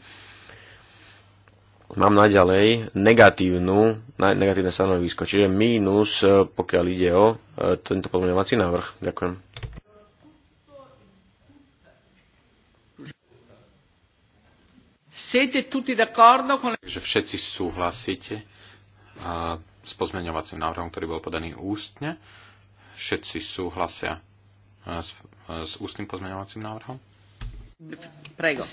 D: mám naďalej negatívnu, negatívne stanovisko, čiže mínus, e, pokiaľ ide o e, tento pozmeňovací návrh. Ďakujem.
B: Takže všetci súhlasíte s pozmeňovacím návrhom, ktorý bol podaný ústne. Všetci súhlasia s, s ústnym pozmeňovacím návrhom? Prego.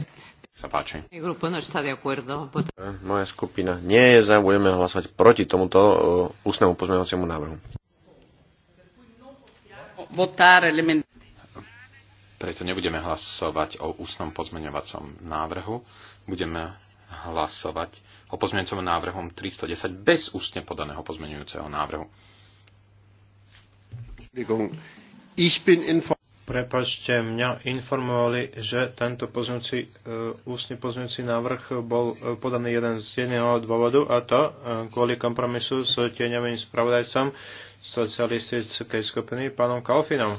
B: Sa páči.
A: No e,
D: moja skupina nie je za, budeme hlasovať proti tomuto e, ústnemu pozmeňovaciemu návrhu.
B: Preto nebudeme hlasovať o ústnom pozmeňovacom návrhu. Budeme hlasovať o pozmeňujúcom návrhom 310 bez ústne podaného pozmeňujúceho návrhu.
A: Ich bin Prepačte, mňa informovali, že tento poznúci, e, ústny poznúci návrh bol e, podaný jeden z jedného dôvodu a to e, kvôli kompromisu s tieňovým spravodajcom socialistickej skupiny pánom Kalfinom.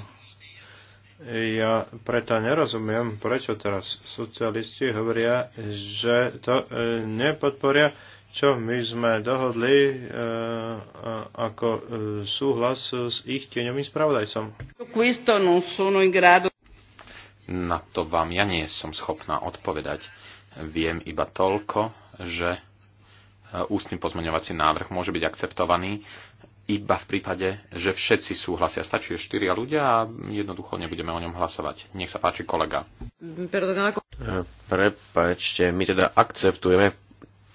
A: Ja preto nerozumiem, prečo teraz socialisti hovoria, že to nepodporia čo my sme dohodli e, ako e, súhlas s ich tieňovým spravodajcom.
B: Na to vám ja nie som schopná odpovedať. Viem iba toľko, že e, ústny pozmeňovací návrh môže byť akceptovaný iba v prípade, že všetci súhlasia. Stačí štyria ľudia a jednoducho nebudeme o ňom hlasovať. Nech sa páči kolega.
A: E,
D: Prepačte, my teda akceptujeme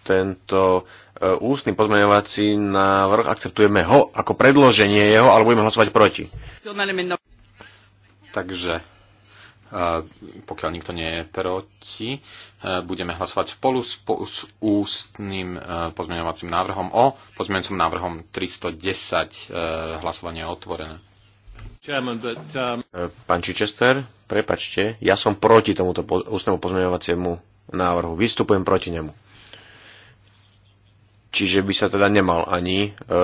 D: tento e, ústny pozmeňovací návrh, akceptujeme ho ako predloženie jeho, ale budeme hlasovať proti.
B: Takže e, pokiaľ nikto nie je proti, e, budeme hlasovať spolu s, ústnym pozmeňovacím návrhom o pozmeňovacom návrhom 310 hlasovanie je otvorené.
C: Um,
D: pán Čičester, prepačte, ja som proti tomuto ústnemu pozmeňovaciemu návrhu. Vystupujem proti nemu. Čiže by sa teda nemal ani, e,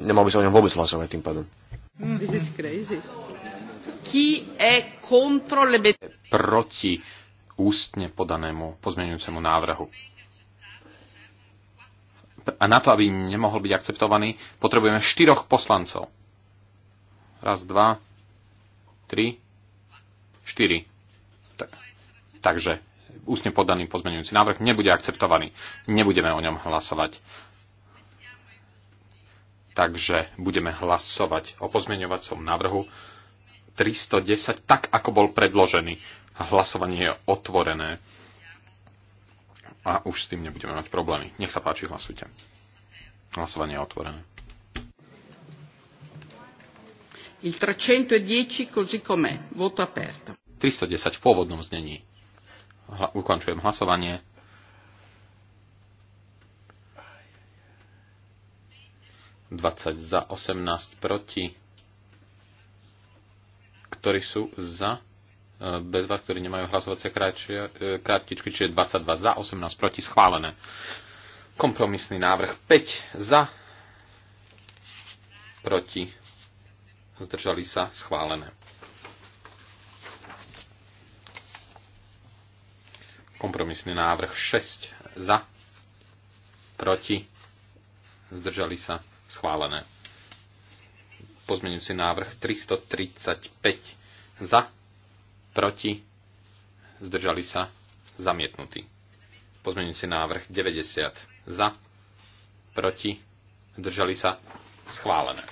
D: nemal by sa o ňom vôbec hlasovať tým pádom.
C: Mm, e
B: Proti ústne podanému pozmeňujúcemu návrhu. A na to, aby nemohol byť akceptovaný, potrebujeme štyroch poslancov. Raz, dva, tri, štyri. Takže ústne podaný pozmeňujúci návrh nebude akceptovaný. Nebudeme o ňom hlasovať. Takže budeme hlasovať o pozmeňovacom návrhu 310 tak, ako bol predložený. Hlasovanie je otvorené a už s tým nebudeme mať problémy. Nech sa páči, hlasujte. Hlasovanie je otvorené.
C: Il 310 così com'è, voto aperto.
B: 310 v pôvodnom znení. Hla, ukončujem hlasovanie. Dvadsať za, 18 proti. Ktorí sú za? E, bez vás, ktorí nemajú hlasovacie e, kráttičky, čiže 22 za, 18 proti, schválené. Kompromisný návrh 5 za, proti, zdržali sa, schválené. Kompromisný návrh 6 za, proti, zdržali sa, schválené. Pozmeňujúci návrh 335 za, proti, zdržali sa, zamietnutý. Pozmeňujúci návrh 90 za, proti, zdržali sa, schválené.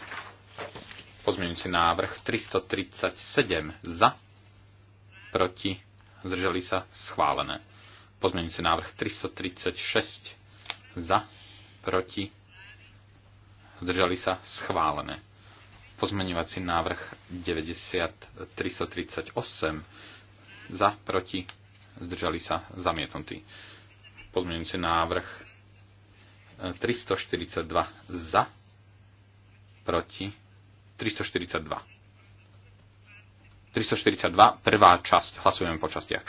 B: Pozmeňujúci návrh 337 za, proti, zdržali sa, schválené. Pozmeňujúci návrh 336 za, proti, zdržali sa, schválené. Pozmeňovací návrh 90 338 za, proti, zdržali sa, zamietnutý. Pozmeňujúci návrh 342 za, proti, 342 342, prvá časť. Hlasujeme po častiach. E,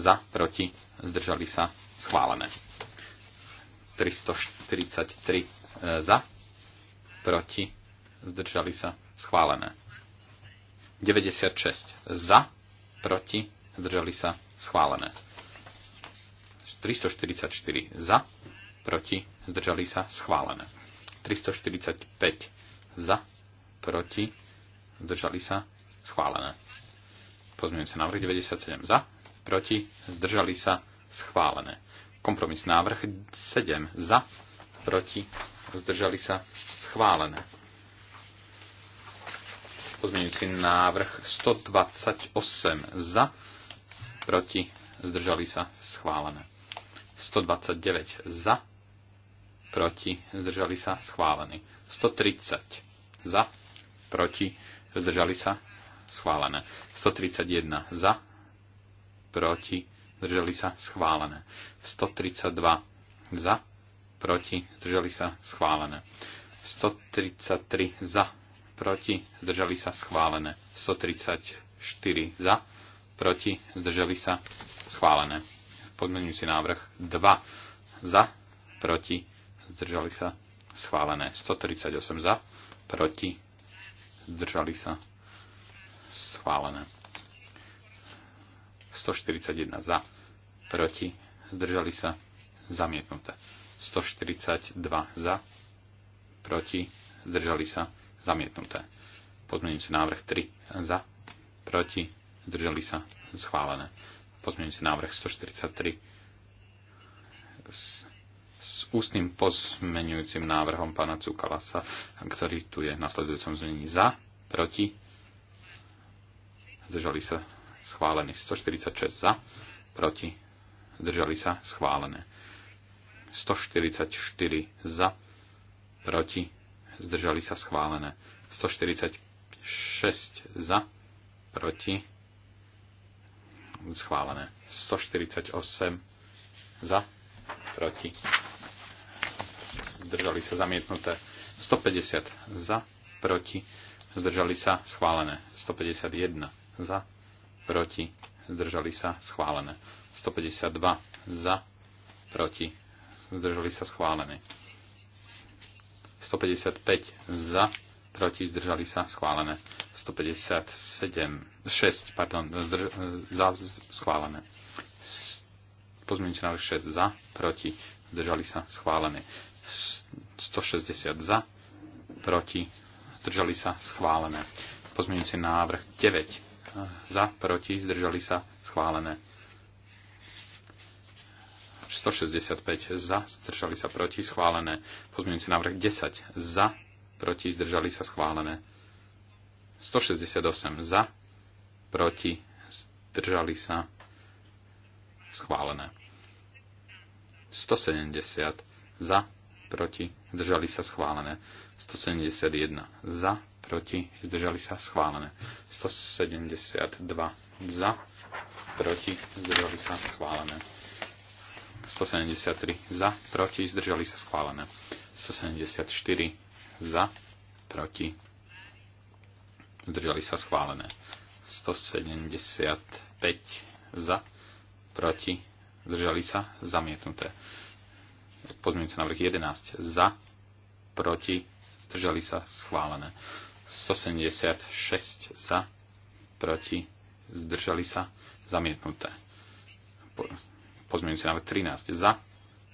B: za, proti, zdržali sa, schválené. 343 e, za, proti, zdržali sa, schválené. 96 za, proti, zdržali sa, schválené. 344 za, proti, zdržali sa, schválené. 345 za, proti, zdržali sa, Schválené. Pozmeňujúce návrh 97 za, proti, zdržali sa, schválené. Kompromis návrh 7 za, proti, zdržali sa, schválené. Pozmeňujúci návrh 128 za, proti, zdržali sa, schválené. 129 za, proti, zdržali sa, schválený. 130 za, proti, zdržali sa, schválené. 131 za, proti, zdrželi sa, schválené. 132 za, proti, zdrželi sa, schválené. 133 za, proti, zdržali sa, schválené. 134 za, proti, zdržali sa, schválené. Podmenujúci návrh 2 za, proti, zdržali sa, schválené. 138 za, proti, zdržali sa, schválené. 141 za, proti, zdržali sa, zamietnuté. 142 za, proti, zdržali sa, zamietnuté. Pozmeňujúci návrh 3 za, proti, zdržali sa, schválené. Pozmeňujúci návrh 143 s, s ústnym pozmeňujúcim návrhom pána Cukalasa, ktorý tu je v nasledujúcom znení za, proti, zdržali sa schválené. 146 za, proti, zdržali sa schválené. 144 za, proti, zdržali sa schválené. 146 za, proti, schválené. 148 za, proti, zdržali sa zamietnuté. 150 za, proti, zdržali sa schválené. 151 za, proti, zdržali sa, schválené. 152 za, proti, zdržali sa, schválené. 155 za, proti, zdržali sa, schválené. 157, 6, pardon, zdrž, za, schválené. Pozmienujúci návrh 6 za, proti, zdržali sa, schválené. 160 za, proti, zdržali sa, schválené. si návrh 9 za, proti, zdržali sa, schválené. 165 za, zdržali sa proti, schválené. si návrh 10 za, proti, zdržali sa, schválené. 168 za, proti, zdržali sa, schválené. 170 za, proti, zdržali sa schválené. 171 za, proti, zdržali sa, schválené. 172 za, proti, zdržali sa, schválené. 173 za, proti, zdržali sa, schválené. 174 za, proti, zdržali sa, schválené. 175 za, proti, zdržali sa, zamietnuté. Pozmienujúce návrh 11 za, proti, zdržali sa, schválené. 176 za, proti, zdržali sa, zamietnuté. Po, si návrh 13 za,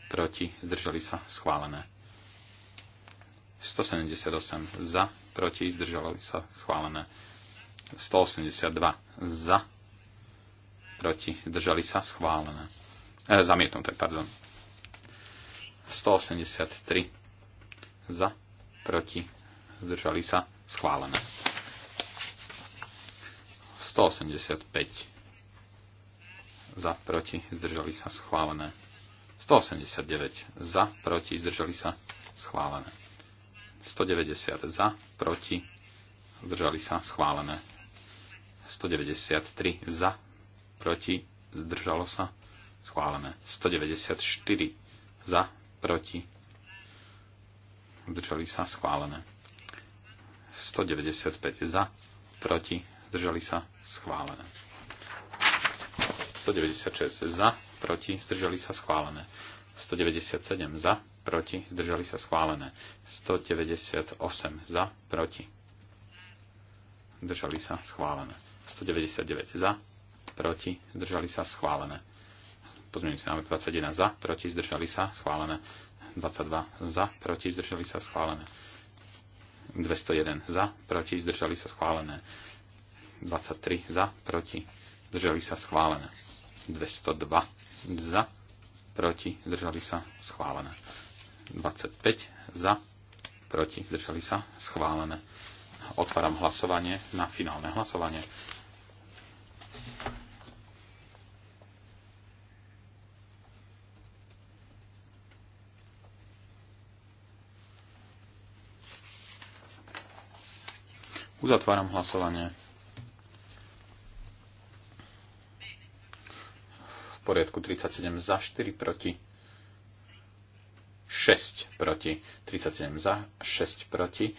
B: proti, zdržali sa, schválené. 178 za, proti, zdržali sa, schválené. 182 za, proti, zdržali sa, schválené. E, zamietnuté, pardon. 183 za, proti, zdržali sa, Schválené. 185 za, proti, zdržali sa, schválené. 189 za, proti, zdržali sa, schválené. 190 za, proti, zdržali sa, schválené. 193 za, proti, zdržalo sa, schválené. 194 za, proti, zdržali sa, schválené. 195 za, proti, zdržali sa, schválené. 196 za, proti, zdržali sa, schválené. 197 za, proti, zdržali sa, schválené. 198 za, proti, zdržali sa, schválené. 199 za, proti, zdržali sa, schválené. sa návrh 21 za, proti, zdržali sa, schválené. 22 za, proti, zdržali sa, schválené. 201 za, proti, zdržali sa schválené. 23 za, proti, zdržali sa schválené. 202 za, proti, zdržali sa schválené. 25 za, proti, zdržali sa schválené. Otváram hlasovanie na finálne hlasovanie. Uzatváram hlasovanie. V poriadku 37 za, 4 proti. 6 proti. 37 za, 6 proti.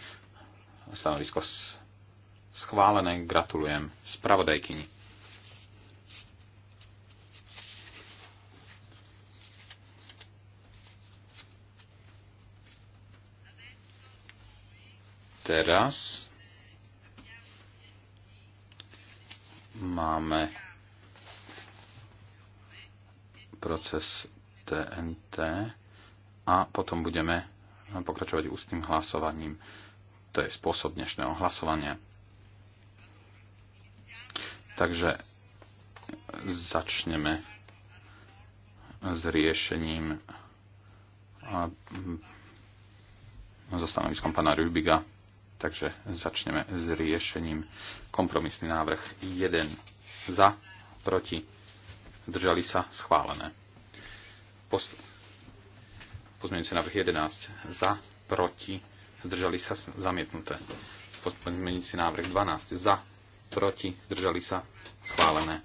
B: Stanovisko schválené. Gratulujem spravodajkyni. Teraz máme proces TNT a potom budeme pokračovať ústnym hlasovaním. To je spôsob dnešného hlasovania. Takže začneme s riešením a so stanoviskom pána Rubiga. Takže začneme s riešením. Kompromisný návrh 1 za, proti, držali sa, schválené. Pos- pozmeňujúci návrh 11 za, proti, držali sa, zamietnuté. Pozmeňujúci návrh 12 za, proti, držali sa, schválené.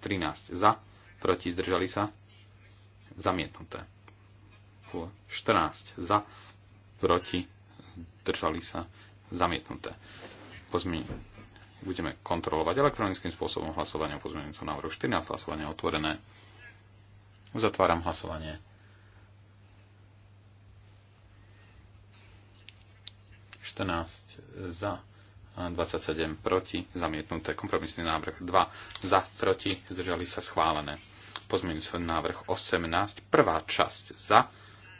B: 13 za, proti, zdržali sa, zamietnuté. 14 za, proti, držali sa, schválené Zamietnuté. Pozmi... Budeme kontrolovať elektronickým spôsobom hlasovania o pozmeňujúcom návrhu 14. Hlasovanie otvorené. Uzatváram hlasovanie. 14 za, 27 proti, zamietnuté. Kompromisný návrh 2 za, proti, zdržali sa schválené. sa návrh 18, prvá časť za,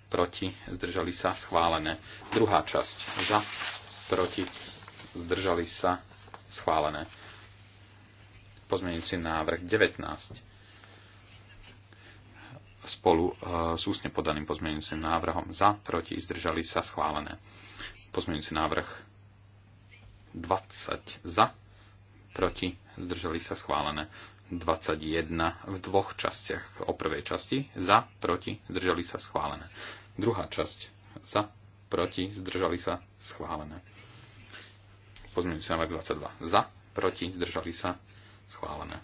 B: proti, zdržali sa schválené. Druhá časť za, proti, zdržali sa, schválené. Pozmeňujúci návrh 19 spolu e, s ústne podaným pozmeňujúcim návrhom za, proti, zdržali sa, schválené. Pozmeňujúci návrh 20 za, proti, zdržali sa, schválené. 21 v dvoch častiach. O prvej časti za, proti, zdržali sa, schválené. Druhá časť za, proti, zdržali sa, schválené. Pozmeňujúci návrh 22 za, proti, zdržali sa, schválené.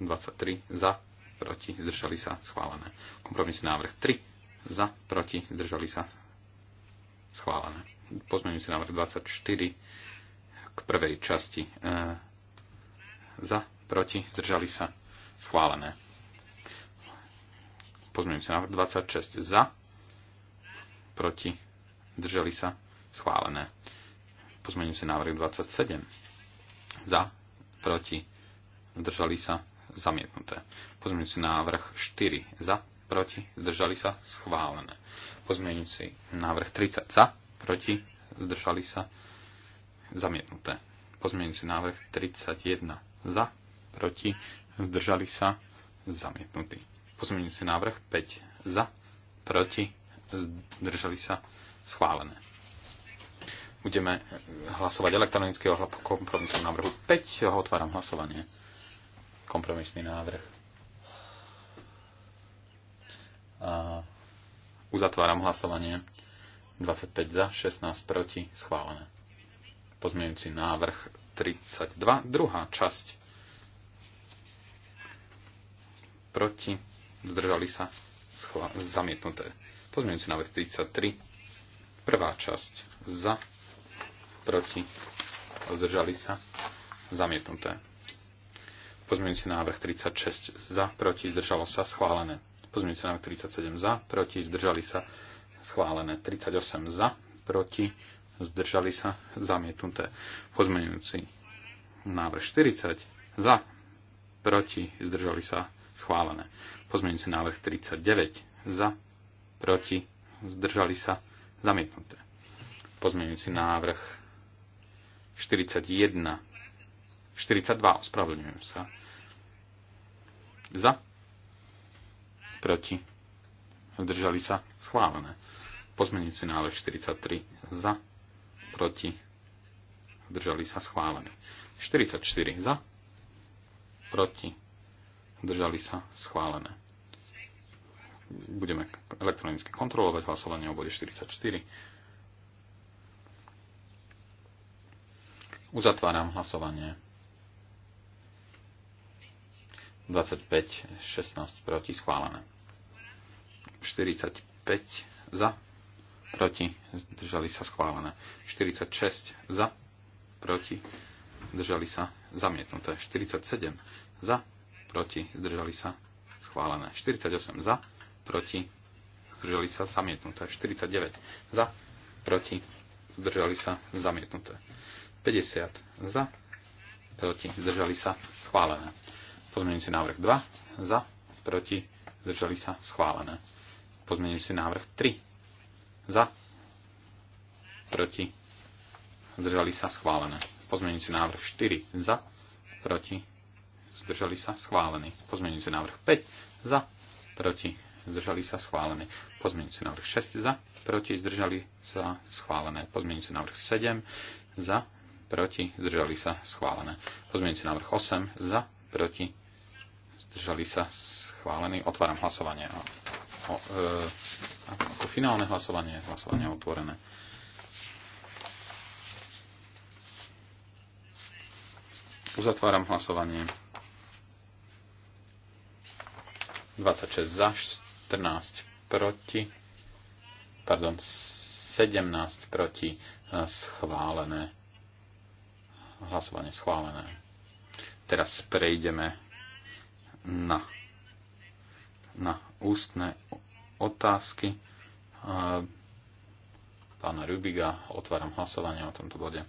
B: 23 za, proti, zdržali sa, schválené. Kompromisný návrh 3 za, proti, zdržali sa, schválené. Pozmeňujúci návrh 24 k prvej časti e, za, proti, zdržali sa, schválené. Pozmeňujúci návrh 26 za, proti, zdržali sa, schválené. Pozmením si návrh 27. Za, proti, zdržali sa, zamietnuté. Pozmením si návrh 4. Za, proti, zdržali sa, schválené. Pozmením si návrh 30. Za, proti, zdržali sa, zamietnuté. Pozmením si návrh 31. Za, proti, zdržali sa, zamietnutý. Pozmením si návrh 5. Za, proti, zdržali sa, schválené Budeme hlasovať elektronicky o kompromisnom návrhu 5. Otváram hlasovanie. Kompromisný návrh. A uzatváram hlasovanie. 25 za, 16 proti, schválené. Pozmeňujúci návrh 32, druhá časť. Proti, zdržali sa, schvá- zamietnuté. Pozmeňujúci návrh 33, prvá časť za, proti, zdržali sa, zamietnuté. Pozmeňujúci návrh 36 za, proti, zdržalo sa, schválené. Pozmeňujúci návrh 37 za, proti, zdržali sa, schválené. 38 za, proti, zdržali sa, zamietnuté. Pozmeňujúci návrh 40 za, proti, zdržali sa, schválené. Pozmeňujúci návrh 39 za, proti, zdržali sa, zamietnuté. Pozmeňujúci návrh 41. 42, ospravedlňujem sa. Za. Proti. Zdržali sa. Schválené. si návrh 43. Za. Proti. Zdržali sa. Schválené. 44. Za. Proti. Zdržali sa. Schválené. Budeme elektronicky kontrolovať hlasovanie o bode 44. Uzatváram hlasovanie. 25, 16 proti, schválené. 45 za, proti, zdržali sa schválené. 46 za, proti, zdržali sa zamietnuté. 47 za, proti, zdržali sa schválené. 48 za, proti, zdržali sa zamietnuté. 49 za, proti, zdržali sa zamietnuté. 50 za, proti, zdržali sa, schválené. Pozmeňujúci návrh 2 za, proti, zdržali sa, schválené. Pozmeňujúci návrh 3 za, proti, zdržali sa, schválené. Pozmeňujúci návrh 4 za, proti, zdržali sa, schválený. Pozmeňujúci návrh 5 za, proti, zdržali sa, schválený. Pozmeňujúci návrh 6 za, proti, zdržali sa, schválené. Pozmeňujúci návrh 7 za, proti, zdržali sa, schválené. Pozmeňujúci návrh 8, za, proti, zdržali sa, schválený. Otváram hlasovanie o, o, e, ako finálne hlasovanie, hlasovanie otvorené. Uzatváram hlasovanie. 26 za, 14 proti, pardon, 17 proti e, schválené. Hlasovanie schválené. Teraz prejdeme na, na ústne otázky pána Rubiga. Otváram hlasovanie o tomto bode.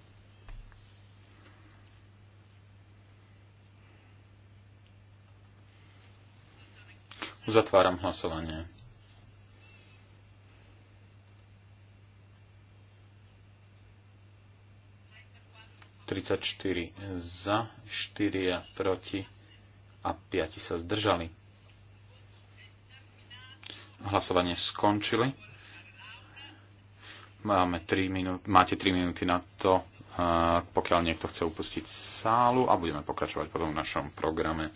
B: Uzatváram hlasovanie. 34 za, 4 proti a 5 sa zdržali. Hlasovanie skončili. Máme 3 minút, máte 3 minúty na to, pokiaľ niekto chce upustiť sálu a budeme pokračovať potom v našom programe.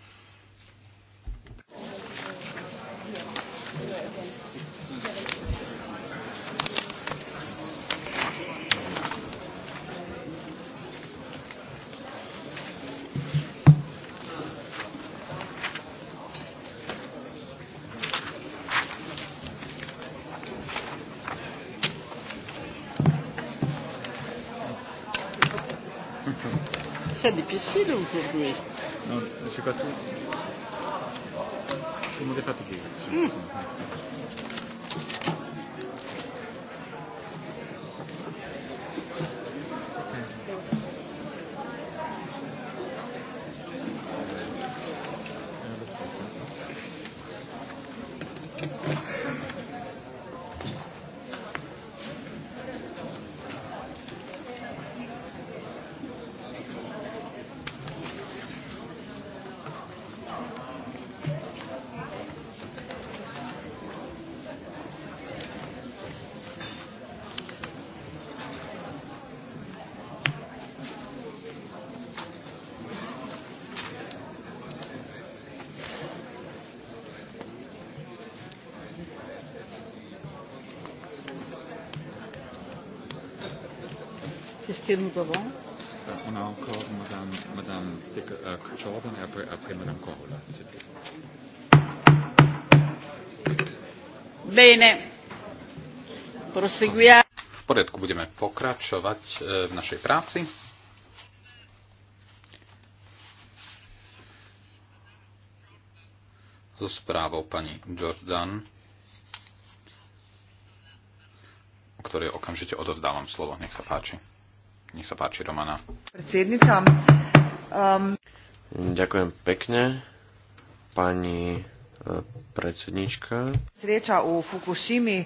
B: business lui. No, c'è qua tu. Tu mi hai fatto
C: qui. Thank you. que nous avons
B: euh, On a encore Madame, Madame euh, et après, après Madame Corolla.
C: Bene. Proseguiamo.
B: V poriadku budeme pokračovať eh, v našej práci. So správou pani Jordan, o ktorej okamžite odovzdávam slovo. Nech sa páči. Nech sa páči, Romana.
C: Predsednica. Um...
D: Ďakujem pekne, pani eh, predsednička.
C: Zrieča u Fukushimi.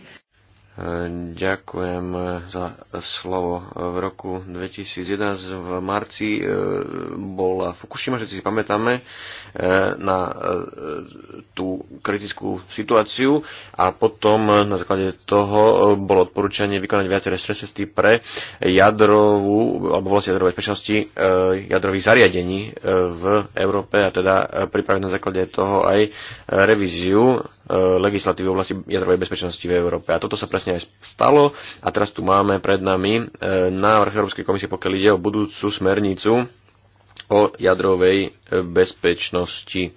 D: Ďakujem za slovo. V roku 2011 v marci e, bola Fukushima, všetci si pamätáme, e, na e, tú kritickú situáciu a potom na základe toho bolo odporúčanie vykonať viaceré stresesty pre jadrovú alebo vlastne jadrovej bezpečnosti jadrových zariadení v Európe a teda pripraviť na základe toho aj revíziu legislatívy v oblasti jadrovej bezpečnosti v Európe. A toto sa presne aj stalo a teraz tu máme pred nami e, návrh Európskej komisie, pokiaľ ide o budúcu smernicu o jadrovej e, bezpečnosti.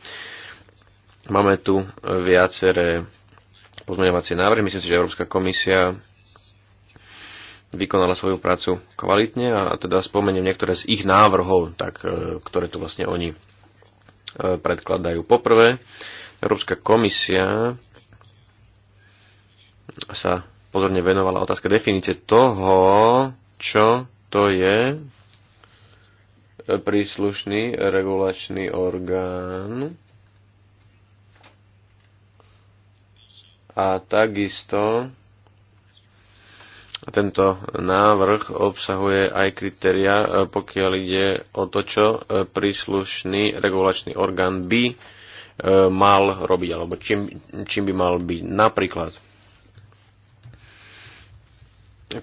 D: Máme tu viaceré pozmeňovacie návrhy. Myslím si, že Európska komisia vykonala svoju prácu kvalitne a teda spomeniem niektoré z ich návrhov, tak, e, ktoré tu vlastne oni predkladajú. Poprvé, Európska komisia sa pozorne venovala otázka definície toho, čo to je príslušný regulačný orgán. A takisto tento návrh obsahuje aj kritéria, pokiaľ ide o to, čo príslušný regulačný orgán by E, mal robiť, alebo čím, čím by mal byť. Napríklad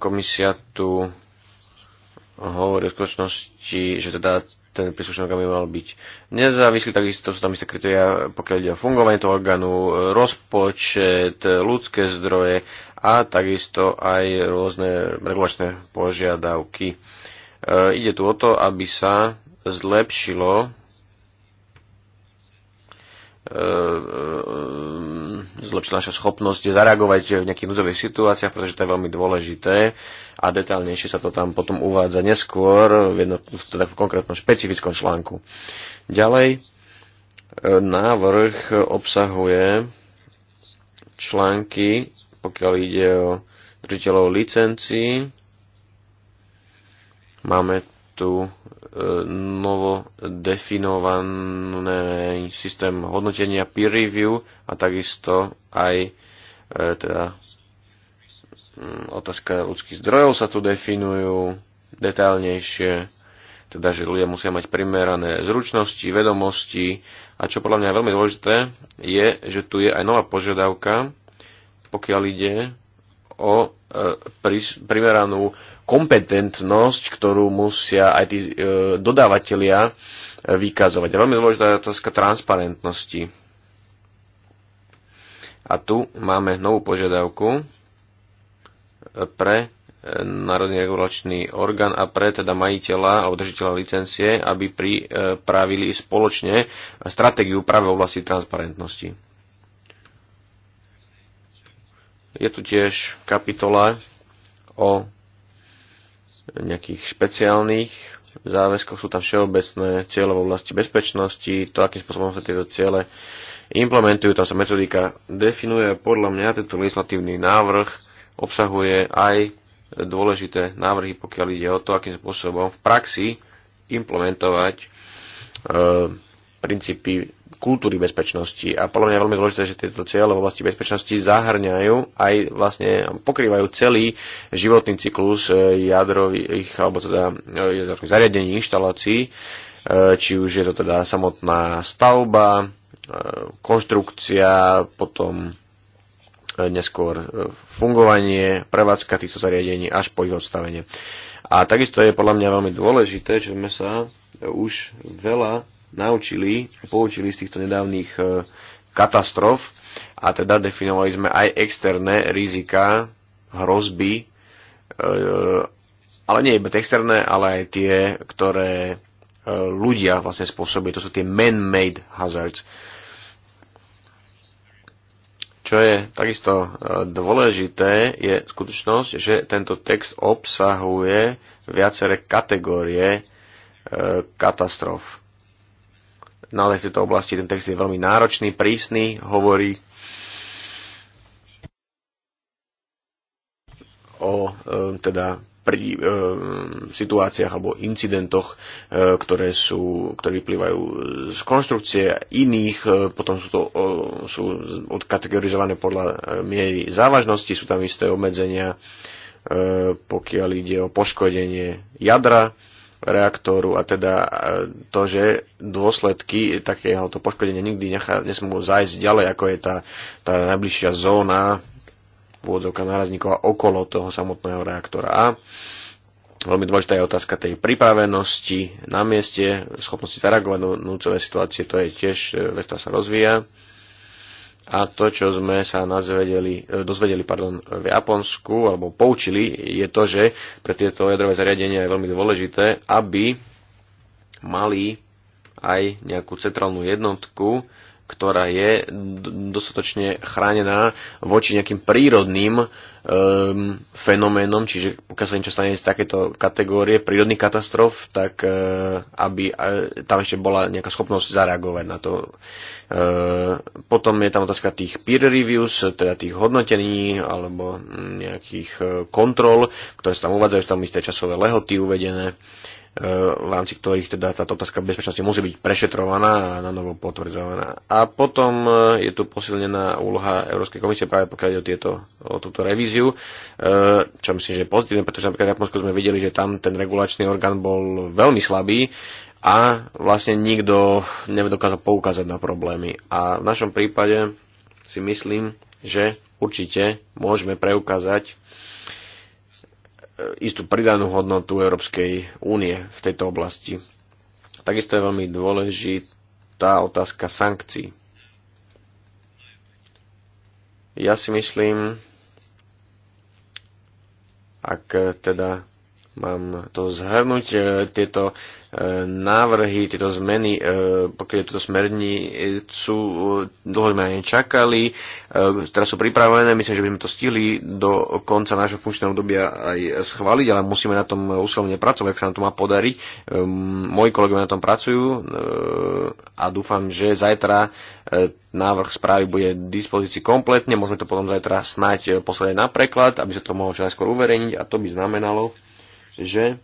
D: komisia tu hovorí o skutočnosti, že teda ten príslušný orgán by mal byť nezávislý, takisto sú tam isté kritéria, pokiaľ ide o fungovanie toho orgánu, rozpočet, ľudské zdroje a takisto aj rôzne regulačné požiadavky. E, ide tu o to, aby sa zlepšilo E, e, zlepšila naša schopnosť zareagovať v nejakých núdzových situáciách, pretože to je veľmi dôležité a detaľnejšie sa to tam potom uvádza neskôr v, jedno, v, teda v konkrétnom špecifickom článku. Ďalej, e, návrh obsahuje články, pokiaľ ide o držiteľov licencií. Máme tu novo definované systém hodnotenia peer review a takisto aj e, teda mm, otázka ľudských zdrojov sa tu definujú detailnejšie, teda že ľudia musia mať primerané zručnosti, vedomosti a čo podľa mňa je veľmi dôležité je, že tu je aj nová požiadavka, pokiaľ ide o e, primeranú kompetentnosť, ktorú musia aj tí e, dodávateľia vykazovať. A veľmi dôležitá je otázka transparentnosti. A tu máme novú požiadavku pre e, Národný regulačný orgán a pre teda majiteľa alebo držiteľa licencie, aby pripravili spoločne stratégiu práve v oblasti transparentnosti. Je tu tiež kapitola o nejakých špeciálnych záväzkoch, sú tam všeobecné cieľe v oblasti bezpečnosti, to, akým spôsobom sa tieto ciele implementujú, tam sa metodika definuje. Podľa mňa tento legislatívny návrh obsahuje aj dôležité návrhy, pokiaľ ide o to, akým spôsobom v praxi implementovať e, princípy kultúry bezpečnosti. A podľa mňa je veľmi dôležité, že tieto cieľe v oblasti bezpečnosti zahrňajú aj vlastne pokrývajú celý životný cyklus e, jadrových alebo teda e, jadrových zariadení, inštalácií, e, či už je to teda samotná stavba, konštrukcia, potom neskôr fungovanie, prevádzka týchto zariadení až po ich odstavenie. A takisto je podľa mňa veľmi dôležité, že sme sa už veľa naučili, poučili z týchto nedávnych e, katastrof a teda definovali sme aj externé rizika, hrozby, e, ale nie iba externé, ale aj tie, ktoré e, ľudia vlastne spôsobili. To sú tie man-made hazards. Čo je takisto dôležité, je skutočnosť, že tento text obsahuje viaceré kategórie katastrof naozaj v tejto oblasti. Ten text je veľmi náročný, prísny, hovorí o teda pri e, situáciách alebo incidentoch, e, ktoré, sú, ktoré vyplývajú z konštrukcie iných, e, potom sú, to, e, sú odkategorizované podľa miery závažnosti, sú tam isté obmedzenia, e, pokiaľ ide o poškodenie jadra, reaktoru a teda e, to, že dôsledky takéhoto poškodenia nikdy nechá, nesmú zájsť ďalej, ako je tá, tá najbližšia zóna vôdzovka nárazníkov a okolo toho samotného reaktora. A veľmi dôležitá je otázka tej pripravenosti na mieste, schopnosti zareagovať na núcové situácie, to je tiež e, vec, ktorá sa rozvíja. A to, čo sme sa nazvedeli, eh, dozvedeli pardon, v Japonsku, alebo poučili, je to, že pre tieto jadrové zariadenia je veľmi dôležité, aby mali aj nejakú centrálnu jednotku, ktorá je dostatočne chránená voči nejakým prírodným um, fenoménom, čiže pokiaľ sa niečo stane z takéto kategórie prírodných katastrof, tak uh, aby uh, tam ešte bola nejaká schopnosť zareagovať na to. Uh, potom je tam otázka tých peer reviews, teda tých hodnotení alebo nejakých uh, kontrol, ktoré sa tam uvádzajú, tam isté časové lehoty uvedené. Uh, Eh, v rámci ktorých teda táto otázka bezpečnosti musí byť prešetrovaná a na novo potvrdzovaná. A potom eh, je tu posilnená úloha Európskej komisie práve pokiaľ ide o, tieto, o túto revíziu, eh, čo myslím, že je pozitívne, pretože napríklad v Japonsku sme videli, že tam ten regulačný orgán bol veľmi slabý a vlastne nikto nedokázal poukázať na problémy. A v našom prípade si myslím, že určite môžeme preukázať E, istú pridanú hodnotu Európskej únie v tejto oblasti. Takisto je veľmi dôležitá otázka sankcií. Ja si myslím, ak teda mám to zhrnúť. E, tieto e, návrhy, tieto zmeny, e, pokiaľ sú, e, dlho sme aj čakali, teraz sú pripravené, myslím, že by sme to stihli do konca nášho funkčného obdobia aj schváliť, ale musíme na tom úsilovne pracovať, ak sa nám to má podariť. Moji kolegovia na tom pracujú a dúfam, že zajtra návrh správy bude v dispozícii kompletne, môžeme to potom zajtra snať poslať na preklad, aby sa to mohlo čo najskôr uverejniť a to by znamenalo, že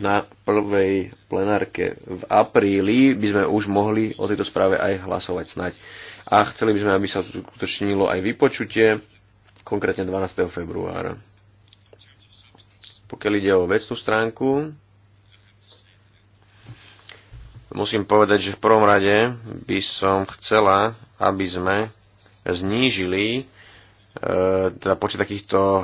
D: na prvej plenárke v apríli by sme už mohli o tejto správe aj hlasovať snať. A chceli by sme, aby sa skutočnilo aj vypočutie, konkrétne 12. februára. Pokiaľ ide o vecnú stránku, musím povedať, že v prvom rade by som chcela, aby sme znížili E, teda počet takýchto e,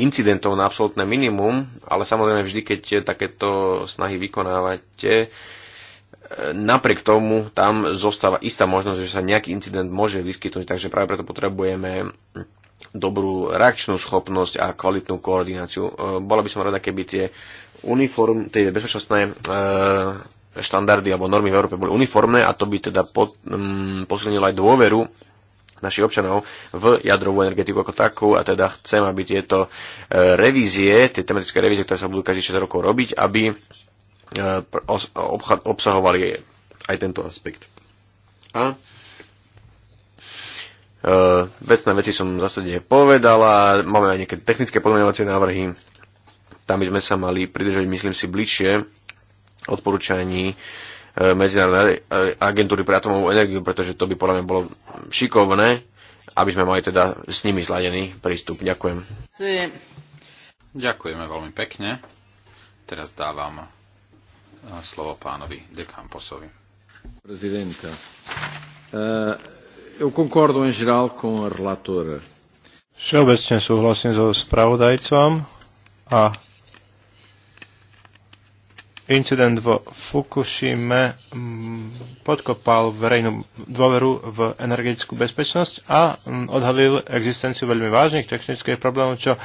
D: incidentov na absolútne minimum, ale samozrejme vždy, keď takéto snahy vykonávate, e, napriek tomu tam zostáva istá možnosť, že sa nejaký incident môže vyskytnúť, takže práve preto potrebujeme dobrú reakčnú schopnosť a kvalitnú koordináciu. Bola by som rada, keby tie uniform, tie bezpečnostné štandardy alebo normy v Európe boli uniformné a to by teda mm, posilnilo aj dôveru našich občanov v jadrovú energetiku ako takú a teda chcem, aby tieto e, revízie, tie tematické revízie, ktoré sa budú každý 6 rokov robiť, aby e, obsahovali aj tento aspekt. A e, vecné veci som v zásade povedala, máme aj nejaké technické pozmeňovacie návrhy, tam by sme sa mali pridržať, myslím si, bližšie odporúčaní E, medzinárodnej agentúry pre atomovú energiu, pretože to by podľa mňa bolo šikovné, aby sme mali teda s nimi zladený prístup. Ďakujem.
B: Ďakujeme veľmi pekne. Teraz dávam e, slovo pánovi De Camposovi. Prezidenta, e, eu concordo in geral con relatore.
A: Všeobecne súhlasím so spravodajcom a Incident vo Fukushime mm, podkopal verejnú dôveru v energetickú bezpečnosť a mm, odhalil existenciu veľmi vážnych technických problémov, čo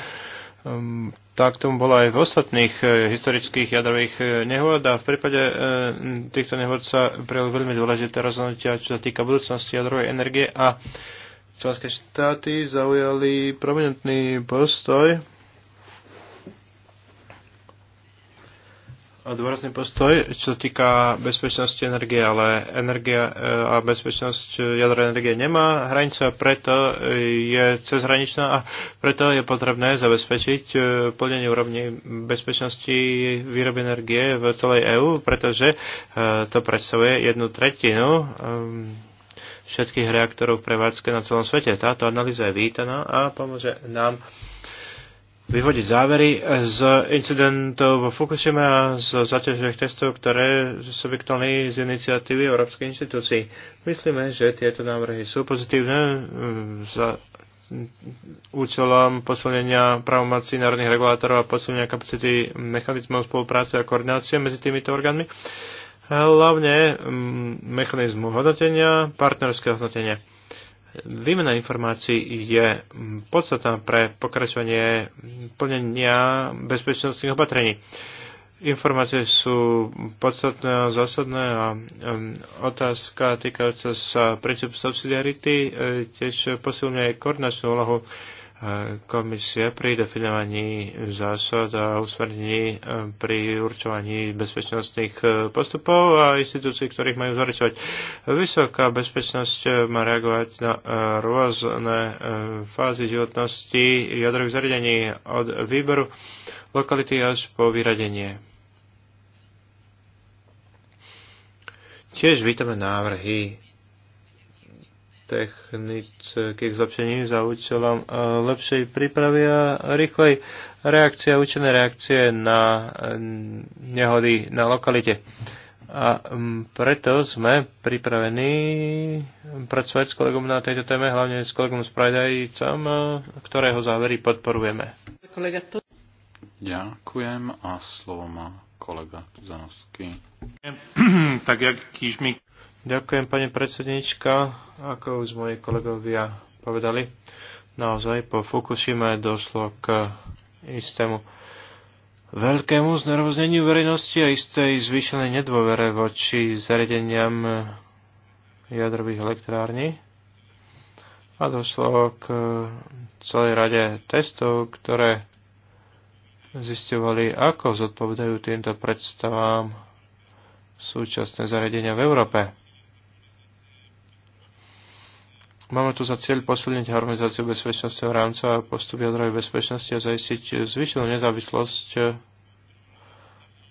A: mm, tak tomu bolo aj v ostatných e, historických jadrových e, nehôd a v prípade e, týchto nehôd sa prijali veľmi dôležité rozhodnutia, čo sa týka budúcnosti jadrovej energie a členské štáty zaujali prominentný postoj dôrazný postoj, čo sa týka bezpečnosti energie, ale energia e, a bezpečnosť e, jadrovej energie nemá hranice a preto e, je cezhraničná a preto je potrebné zabezpečiť plnenie úrovni bezpečnosti výroby energie v celej EÚ, pretože to predstavuje jednu tretinu všetkých reaktorov v prevádzke na celom svete. Táto analýza je vítaná a pomôže nám vyvodiť závery z incidentov vo Fukushima a z zaťažových testov, ktoré sú vykonali z iniciatívy Európskej inštitúcii. Myslíme, že tieto návrhy sú pozitívne mm, za účelom posilnenia právomocí národných regulátorov a posilnenia kapacity mechanizmov spolupráce a koordinácie medzi týmito orgánmi, hlavne mm, mechanizmu hodnotenia, partnerského hodnotenia. Výmena informácií je podstatná pre pokračovanie plnenia bezpečnostných opatrení. Informácie sú podstatné a zásadné a otázka týkajúca sa princípu subsidiarity e, tiež posilňuje koordinačnú úlohu komisie pri definovaní zásad a usmernení eh, pri určovaní bezpečnostných eh, postupov a institúcií, ktorých majú zaručovať. Vysoká bezpečnosť eh, má reagovať na rôzne fázy životnosti jadrových zariadení od výberu lokality až po vyradenie. Tiež vítame návrhy technických zlepšení za účelom e, lepšej prípravy a rýchlej reakcie a účinné reakcie na e, nehody na lokalite. A preto sme pripravení pracovať s kolegom na tejto téme, hlavne s kolegom Spravodajcom, e, ktorého závery podporujeme.
B: Ďakujem a slovo má kolega Tuzanovský.
A: tak jak mi Ďakujem, pani predsednička. Ako už moji kolegovia povedali, naozaj po Fukushime došlo k istému veľkému znervozneniu verejnosti a istej zvýšenej nedôvere voči zariadeniam jadrových elektrární. A došlo k celej rade testov, ktoré zistovali, ako zodpovedajú týmto predstavám súčasné zariadenia v Európe. Máme tu za cieľ posilniť harmonizáciu bezpečnostného rámca a postup jadrovej bezpečnosti a zaistiť zvyšenú nezávislosť eh,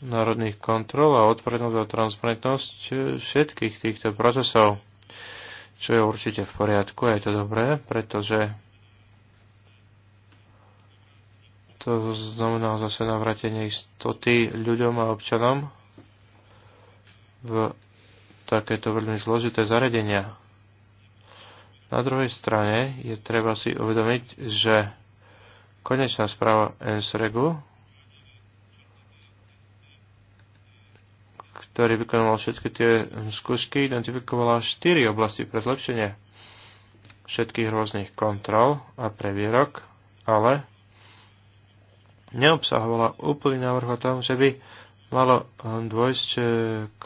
A: národných kontrol a otvorenosť a transparentnosť eh, všetkých týchto procesov, čo je určite v poriadku a je to dobré, pretože to znamená zase navratenie istoty ľuďom a občanom v takéto veľmi zložité zariadenia. Na druhej strane je treba si uvedomiť, že konečná správa NSREGu, ktorý vykonoval všetky tie skúšky, identifikovala 4 oblasti pre zlepšenie všetkých rôznych kontrol a previerok, ale neobsahovala úplný návrh o tom, že by malo dôjsť k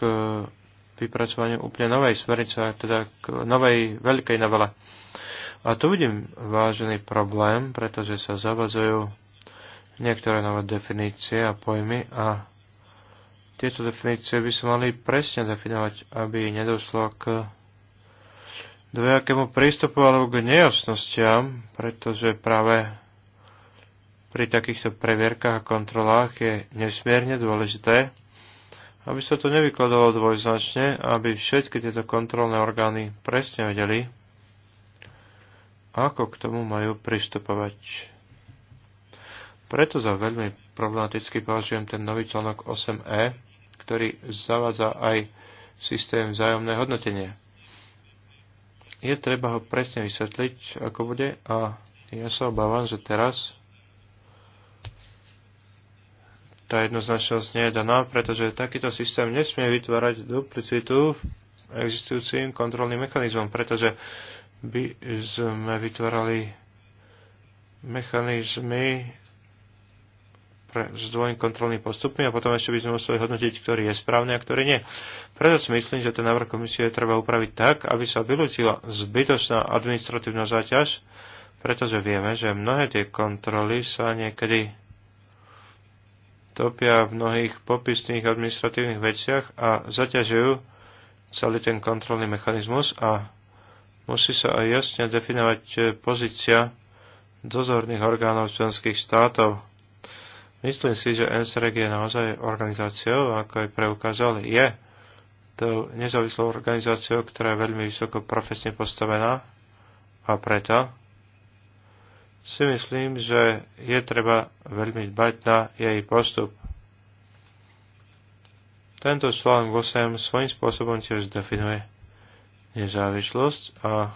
A: vypracovaniu úplne novej smernice, teda k novej veľkej novele. A tu vidím vážený problém, pretože sa zavazujú niektoré nové definície a pojmy a tieto definície by sa mali presne definovať, aby nedošlo k dvojakému prístupu alebo k nejasnostiam, pretože práve pri takýchto previerkách a kontrolách je nesmierne dôležité, aby sa to nevykladalo dvojznačne, aby všetky tieto kontrolné orgány presne vedeli, ako k tomu majú pristupovať. Preto za veľmi problematicky považujem ten nový článok 8e, ktorý zavádza aj systém vzájomné hodnotenie. Je treba ho presne vysvetliť, ako bude a ja sa obávam, že teraz tá jednoznačnosť nie je daná, pretože takýto systém nesmie vytvárať duplicitu existujúcim kontrolným mechanizmom, pretože by sme vytvárali mechanizmy pre, s dvojím postupmi a potom ešte by sme museli hodnotiť, ktorý je správny a ktorý nie. Preto si myslím, že ten návrh komisie treba upraviť tak, aby sa vylúčila zbytočná administratívna záťaž, pretože vieme, že mnohé tie kontroly sa niekedy topia v mnohých popisných administratívnych veciach a zaťažujú celý ten kontrolný mechanizmus a musí sa aj jasne definovať eh, pozícia dozorných orgánov členských štátov. Myslím si, že NSREG je naozaj organizáciou, ako aj preukázali, je tou nezávislou organizáciou, ktorá je veľmi vysoko profesne postavená a preto si myslím, že je treba veľmi dbať na jej postup. Tento článok 8 svojím spôsobom tiež definuje nezávislosť a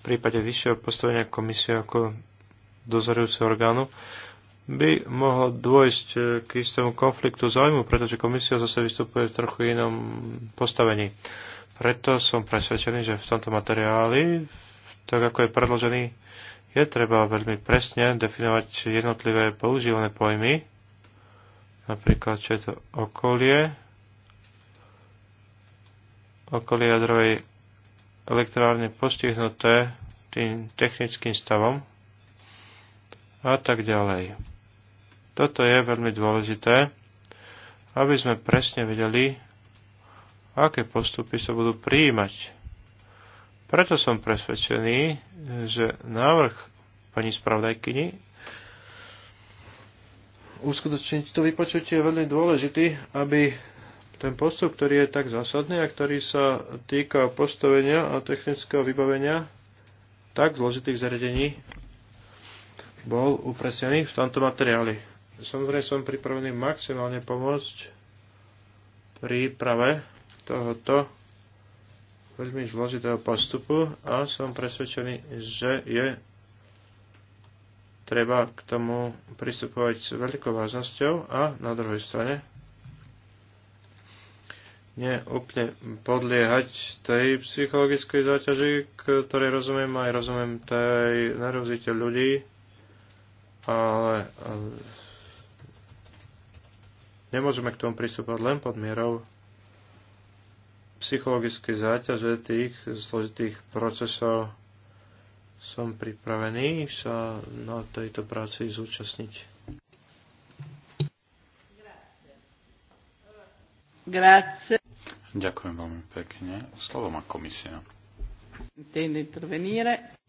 A: v prípade vyššieho postavenia komisie ako dozorujúceho orgánu by mohlo dôjsť k istému konfliktu záujmu, pretože komisia zase vystupuje v trochu inom postavení. Preto som presvedčený, že v tomto materiáli, v tak ako je predložený, je treba veľmi presne definovať jednotlivé používané pojmy, napríklad čo je to okolie, okolie jadrovej elektrárne postihnuté tým technickým stavom a tak ďalej. Toto je veľmi dôležité, aby sme presne vedeli, aké postupy sa budú prijímať preto som presvedčený, že návrh pani spravodajkyni uskutočniť to vypočutie je veľmi dôležitý, aby ten postup, ktorý je tak zásadný a ktorý sa týka postavenia a technického vybavenia tak zložitých zariadení, bol upresnený v tomto materiáli. Samozrejme som pripravený maximálne pomôcť príprave tohoto veľmi zložitého postupu a som presvedčený, že je treba k tomu pristupovať s veľkou vážnosťou a na druhej strane neúplne podliehať tej psychologickej záťaži, ktorej rozumiem aj rozumiem tej nervozite ľudí, ale, ale nemôžeme k tomu pristupovať len pod mierou psychologické záťaže tých zložitých procesov som pripravený sa na tejto práci zúčastniť.
C: Grazie.
B: Ďakujem veľmi pekne. Slovo má komisia.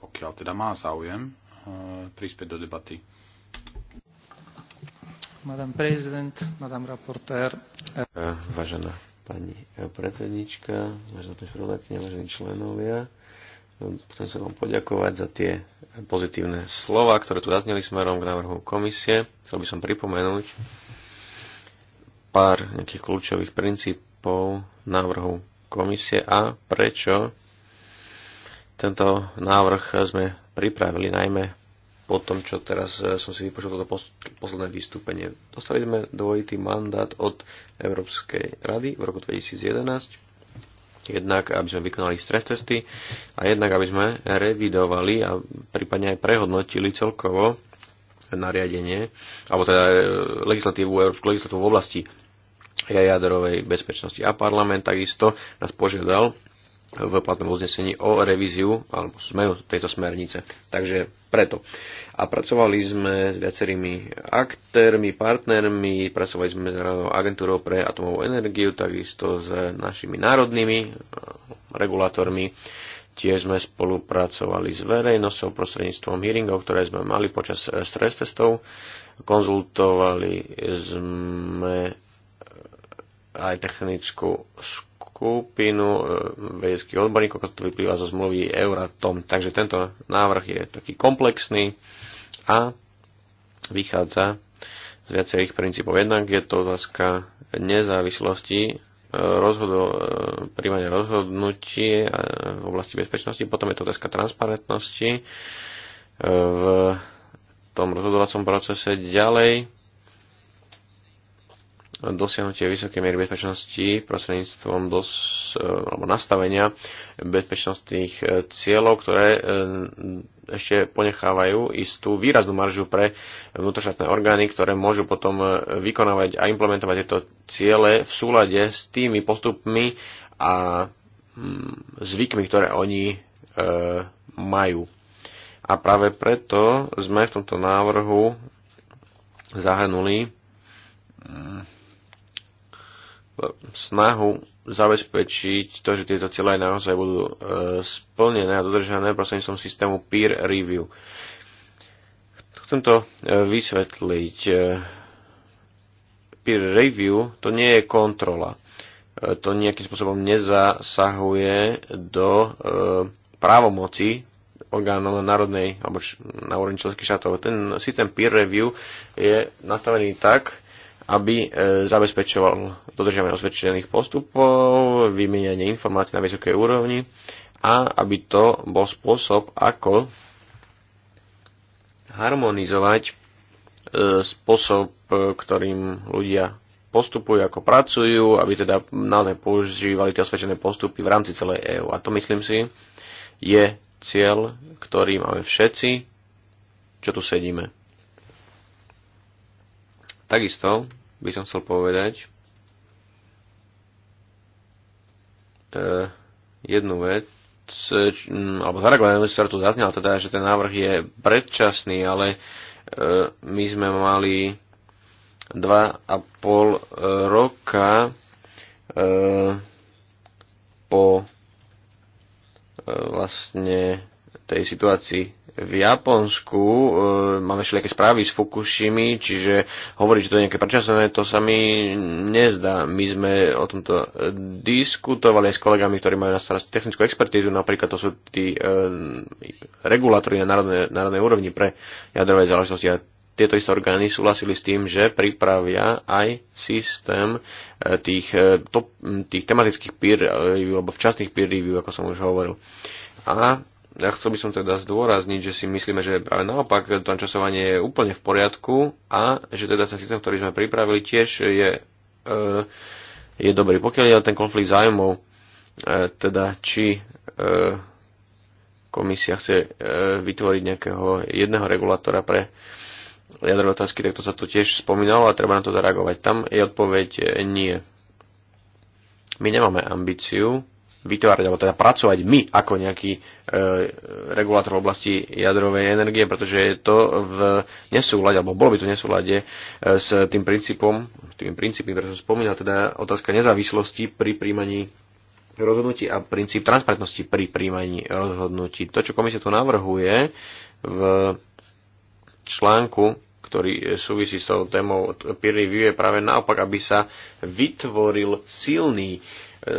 B: Pokiaľ teda má záujem e, prispieť do debaty. Madame President, Madame Rapporteur. E, e,
D: vážená pani predsednička, vážená pani vážení členovia. Chcem sa vám poďakovať za tie pozitívne slova, ktoré tu zazneli smerom k návrhu komisie. Chcel by som pripomenúť pár nejakých kľúčových princípov návrhu komisie a prečo tento návrh sme pripravili, najmä po tom, čo teraz eh, som si vypočul toto posledné vystúpenie. Dostali sme dvojitý mandát od Európskej rady v roku 2011. Jednak, aby sme vykonali stres testy a jednak, aby sme revidovali a prípadne aj prehodnotili celkovo nariadenie, alebo teda eh, legislatívu, európsku legislatívu v oblasti jadrovej bezpečnosti. A parlament takisto nás požiadal v platnom uznesení o revíziu alebo zmenu tejto smernice. Takže preto. A pracovali sme s viacerými aktérmi, partnermi, pracovali sme s agentúrou pre atomovú energiu, takisto s našimi národnými eh, regulátormi. Tiež sme spolupracovali s verejnosťou prostredníctvom hearingov, ktoré sme mali počas eh, stres testov. Konzultovali sme eh, aj technickú skupinu skupinu e, vedeckých odborníkov, ako to vyplýva zo zmluvy Euratom. Takže tento návrh je taký komplexný a vychádza z viacerých princípov. Jednak je to otázka nezávislosti e, rozhodo, e, príjmania rozhodnutí v oblasti bezpečnosti, potom je to otázka transparentnosti v tom rozhodovacom procese ďalej dosiahnutie vysokej miery bezpečnosti prostredníctvom dos, e, alebo nastavenia bezpečnostných e, cieľov, ktoré e, ešte ponechávajú istú výraznú maržu pre vnútroštátne orgány, ktoré môžu potom vykonávať a implementovať tieto ciele v súlade s tými postupmi a mm, zvykmi, ktoré oni majú. A práve preto sme v tomto návrhu zahrnuli mm, snahu zabezpečiť to, že tieto ciele naozaj budú e, splnené a dodržané prostredníctvom systému peer review. Chcem to e, vysvetliť. E, peer review to nie je kontrola. To nejakým spôsobom nezasahuje do právomoci orgánov národnej alebo na úrovni členských štátov. Ten systém peer review je nastavený tak, aby e, zabezpečoval dodržiavanie osvedčených postupov, vymieňanie informácií na vysokej úrovni a aby to bol spôsob, ako harmonizovať e, spôsob, e, ktorým ľudia postupujú, ako pracujú, aby teda naozaj používali tie osvedčené postupy v rámci celej EÚ. A to myslím si, je cieľ, ktorý máme všetci, čo tu sedíme. Takisto by som chcel povedať e, jednu vec, e, č, alebo zareagujem, ktorá tu zaznel, teda, že ten návrh je predčasný, ale e, my sme mali 2,5 e, roka e, po e, vlastne tej situácii v Japonsku e, máme všelijaké správy s Fukushimi, čiže hovorí, že to je nejaké predčasné, to sa mi nezdá. My sme o tomto diskutovali aj s kolegami, ktorí majú na starosti technickú expertízu, napríklad to sú tí e, regulátory na národnej, národnej úrovni pre jadrové záležitosti a tieto isté orgány súhlasili s tým, že pripravia aj systém e, tých, e, top, tých tematických peer review alebo včasných peer review, ako som už hovoril. A ja chcel by som teda zdôrazniť, že si myslíme, že práve naopak to časovanie je úplne v poriadku a že teda ten systém, ktorý sme pripravili, tiež je, e, je dobrý. Pokiaľ je ten konflikt zájmov, e, teda či e, komisia chce e, vytvoriť nejakého jedného regulátora pre jadrové otázky, tak to sa tu tiež spomínalo a treba na to zareagovať. Tam je odpoveď e, nie. My nemáme ambíciu vytvárať alebo teda pracovať my ako nejaký e, regulátor v oblasti jadrovej energie, pretože je to v nesúlade, alebo bolo by to nesúlade e, s tým princípom, tým princípmi, ktoré som spomínal, teda otázka nezávislosti pri príjmaní rozhodnutí a princíp transparentnosti pri príjmaní rozhodnutí. To, čo komisia tu navrhuje v článku, ktorý súvisí s tou témou peer review, je práve naopak, aby sa vytvoril silný E,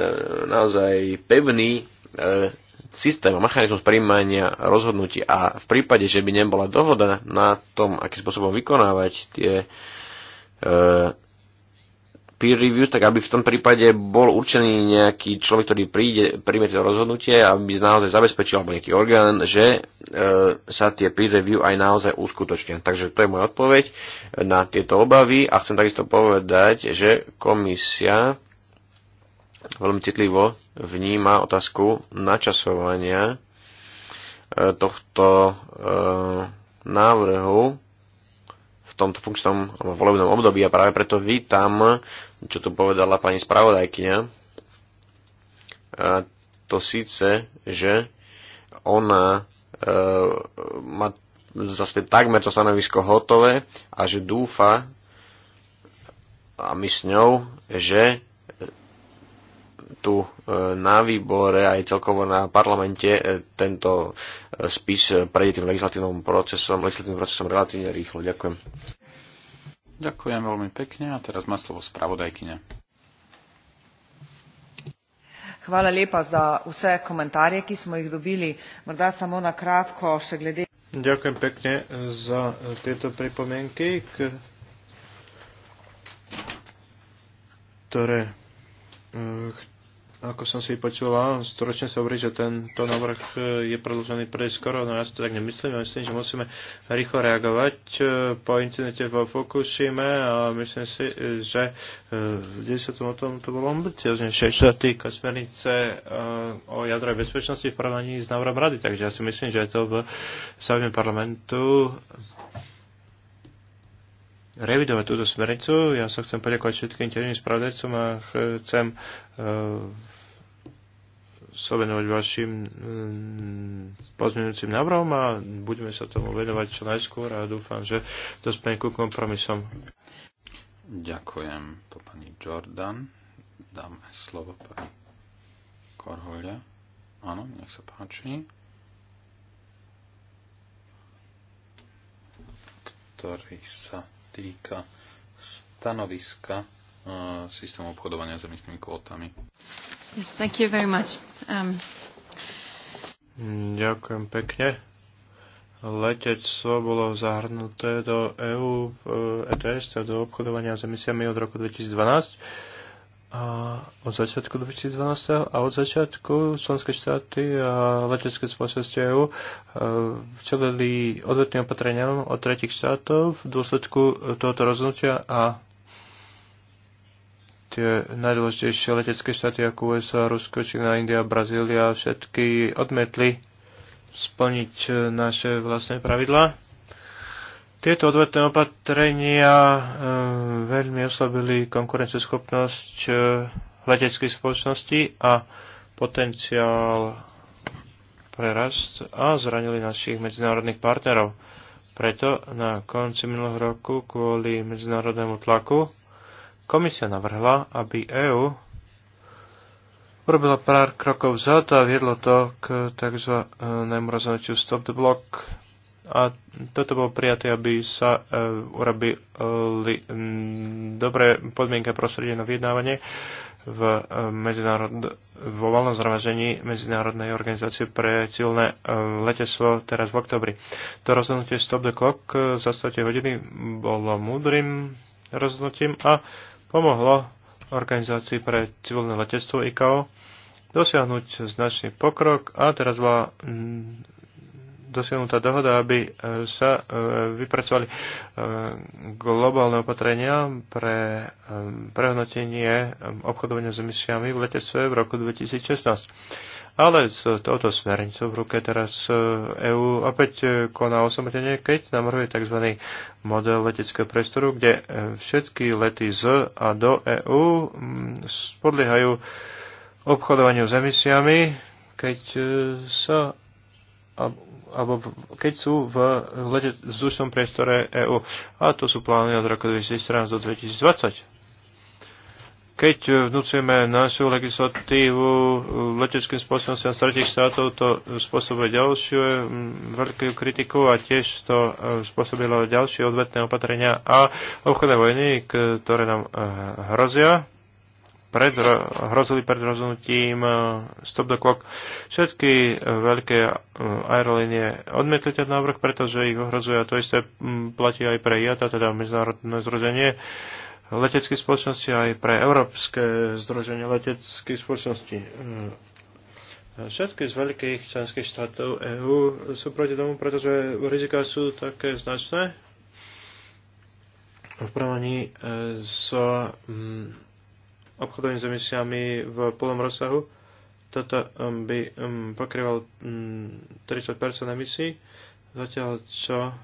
D: naozaj pevný e, systém a mechanizmus príjmania rozhodnutí a v prípade, že by nebola dohoda na tom, akým spôsobom vykonávať tie e, peer review, tak aby v tom prípade bol určený nejaký človek, ktorý príde, príjme to rozhodnutie, aby naozaj zabezpečil, alebo nejaký orgán, že e, sa tie peer review aj naozaj uskutočnia. Takže to je moja odpoveď na tieto obavy a chcem takisto povedať, že komisia veľmi citlivo vníma otázku načasovania e, tohto e, návrhu v tomto funkčnom volebnom období a práve preto vítam, čo tu povedala pani spravodajkyňa. E, to síce, že ona e, má zase takmer to stanovisko hotové a že dúfa a my s ňou, že tu e, na výbore aj celkovo na parlamente e, tento e, spis prejde tým legislatívnym procesom, legislatívnym procesom relatívne rýchlo. Ďakujem.
B: Ďakujem veľmi pekne a teraz má slovo spravodajkyňa. Hvala lepa za vse komentarje, ki smo jih dobili. Morda
C: samo na kratko še glede.
A: Ďakujem pekne za tieto pripomienky, ktoré ako som si počúval, stručne sa hovorí, že tento návrh e, je predložený skoro, no ja si to tak nemyslím. Ja myslím, že musíme rýchlo reagovať e, po incidente vo Fukushime a myslím si, že v e, 10. o tom to bolo ambicioznejšie, čo sa týka smernice o jadrovej bezpečnosti v porovnaní s návrhom rady. Takže ja si myslím, že je to v záujme parlamentu revidovať túto smernicu. Ja sa chcem poďakovať všetkým tiežným spravodajcom a chcem sa venovať vašim mm, pozmeňujúcim návrhom a budeme sa tomu venovať čo najskôr a dúfam, že dospiem ku kompromisom.
B: Ďakujem po pani Jordan. Dám slovo pani Korholia. Áno, nech sa páči. Ktorý sa týka stanoviska systém obchodovania s emisnými kvótami.
A: Yes, thank you very much. Um... Ďakujem pekne. Letectvo bolo zahrnuté do EU ETS, e teda do obchodovania s emisiami od roku 2012 a od začiatku 2012 a od začiatku členské štáty a letecké spoločnosti EU e, čelili odvetným opatreniam od tretich štátov v dôsledku tohoto rozhodnutia a tie najdôležitejšie letecké štáty ako USA, Rusko, Čína, India, Brazília všetky odmetli splniť e, naše vlastné pravidlá. Tieto odvetné opatrenia e, veľmi oslabili konkurenceschopnosť e, leteckých spoločností a potenciál prerast a zranili našich medzinárodných partnerov. Preto na konci minulého roku kvôli medzinárodnému tlaku Komisia navrhla, aby EÚ urobila pár krokov vzad a viedlo to k tzv. rozhodnutiu Stop the Block. A toto bolo prijaté, aby sa uh, urobili dobré podmienky prostredie na vyjednávanie v, e, voľnom vo Medzinárodnej organizácie pre civilné e, letectvo teraz v oktobri. To rozhodnutie Stop the Clock za 100 hodiny bolo múdrym rozhodnutím a pomohlo organizácii pre civilné letectvo ICAO dosiahnuť značný pokrok a teraz bola mm, dosiahnutá dohoda, aby e, sa e, vypracovali e, globálne opatrenia pre prehnotenie obchodovania s emisiami v letectve v roku 2016. Ale s touto smernicou v ruke teraz EÚ e opäť e, koná osamotenie, keď namrhuje tzv. model leteckého priestoru, kde e, všetky lety z a do EÚ mm, podliehajú obchodovaniu s emisiami, keď sa alebo keď sú v vzdušnom priestore EÚ. A to sú plány od roku 2014 do 2020. Keď vnúcujeme našu legislatívu leteckým sa tretich štátov, to spôsobuje ďalšiu veľkú kritiku a tiež to e, spôsobilo ďalšie odvetné opatrenia a obchodné vojny, ktoré nám e, hrozia pred, hrozili pred rozhodnutím e, stop the clock. Všetky veľké aerolínie odmietli ten návrh, pretože ich ohrozuje a to isté platí aj pre IATA, teda medzinárodné zrozenie leteckých spoločnosti aj pre Európske združenie leteckých spoločností. Všetky z veľkých členských štátov EÚ sú proti tomu, pretože rizika sú také značné v porovnaní e, s mm, obchodovými s emisiami v plnom rozsahu. Toto by pokrýval mm, 30 emisí, zatiaľ čo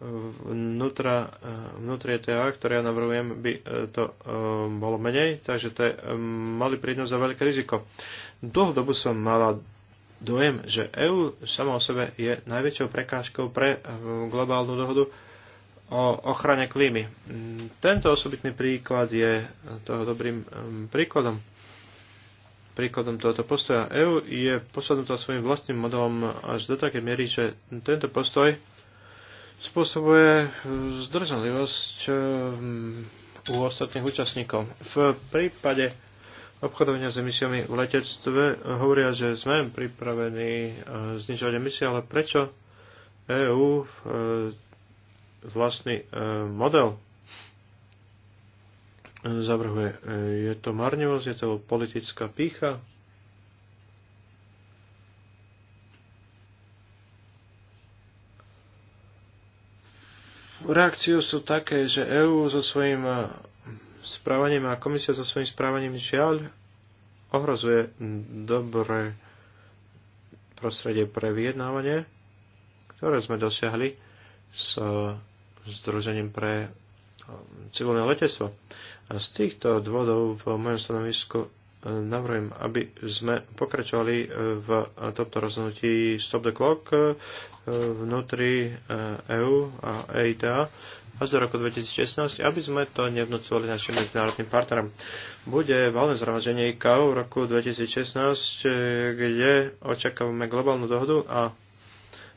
A: vnútra, eh, vnútri ETA, ktoré ja navrhujem, by eh, to eh, bolo menej, takže to je malý prínos a veľké riziko. Dlhodobu som mala dojem, že EU sama o sebe je najväčšou prekážkou pre globálnu dohodu o ochrane klímy. Tento osobitný príklad je toho dobrým príkladom príkladom tohoto postoja. EU je posadnutá svojim vlastným modelom až do takej miery, že tento postoj spôsobuje eh, zdržanlivosť eh, u ostatných účastníkov. V prípade obchodovania s emisiami v letectve hovoria, že sme pripravení eh, znižovať emisie, ale prečo EÚ vlastný model zavrhuje? Je to marnivosť, je to politická pícha? reakciu sú také, že EÚ so svojím e, správaním a komisia so svojím správaním žiaľ ohrozuje dobré prostredie pre vyjednávanie, ktoré sme dosiahli s Združením pre e, civilné letectvo. A z týchto dôvodov v mojom stanovisku navrhujem, aby sme pokračovali e, v tomto rozhodnutí Stop the Clock e, vnútri EU e a EITA až do roku 2016, aby sme to nevnúcovali našim medzinárodným partnerom. Bude valné zhromaždenie IKO v roku 2016, kde očakávame globálnu dohodu a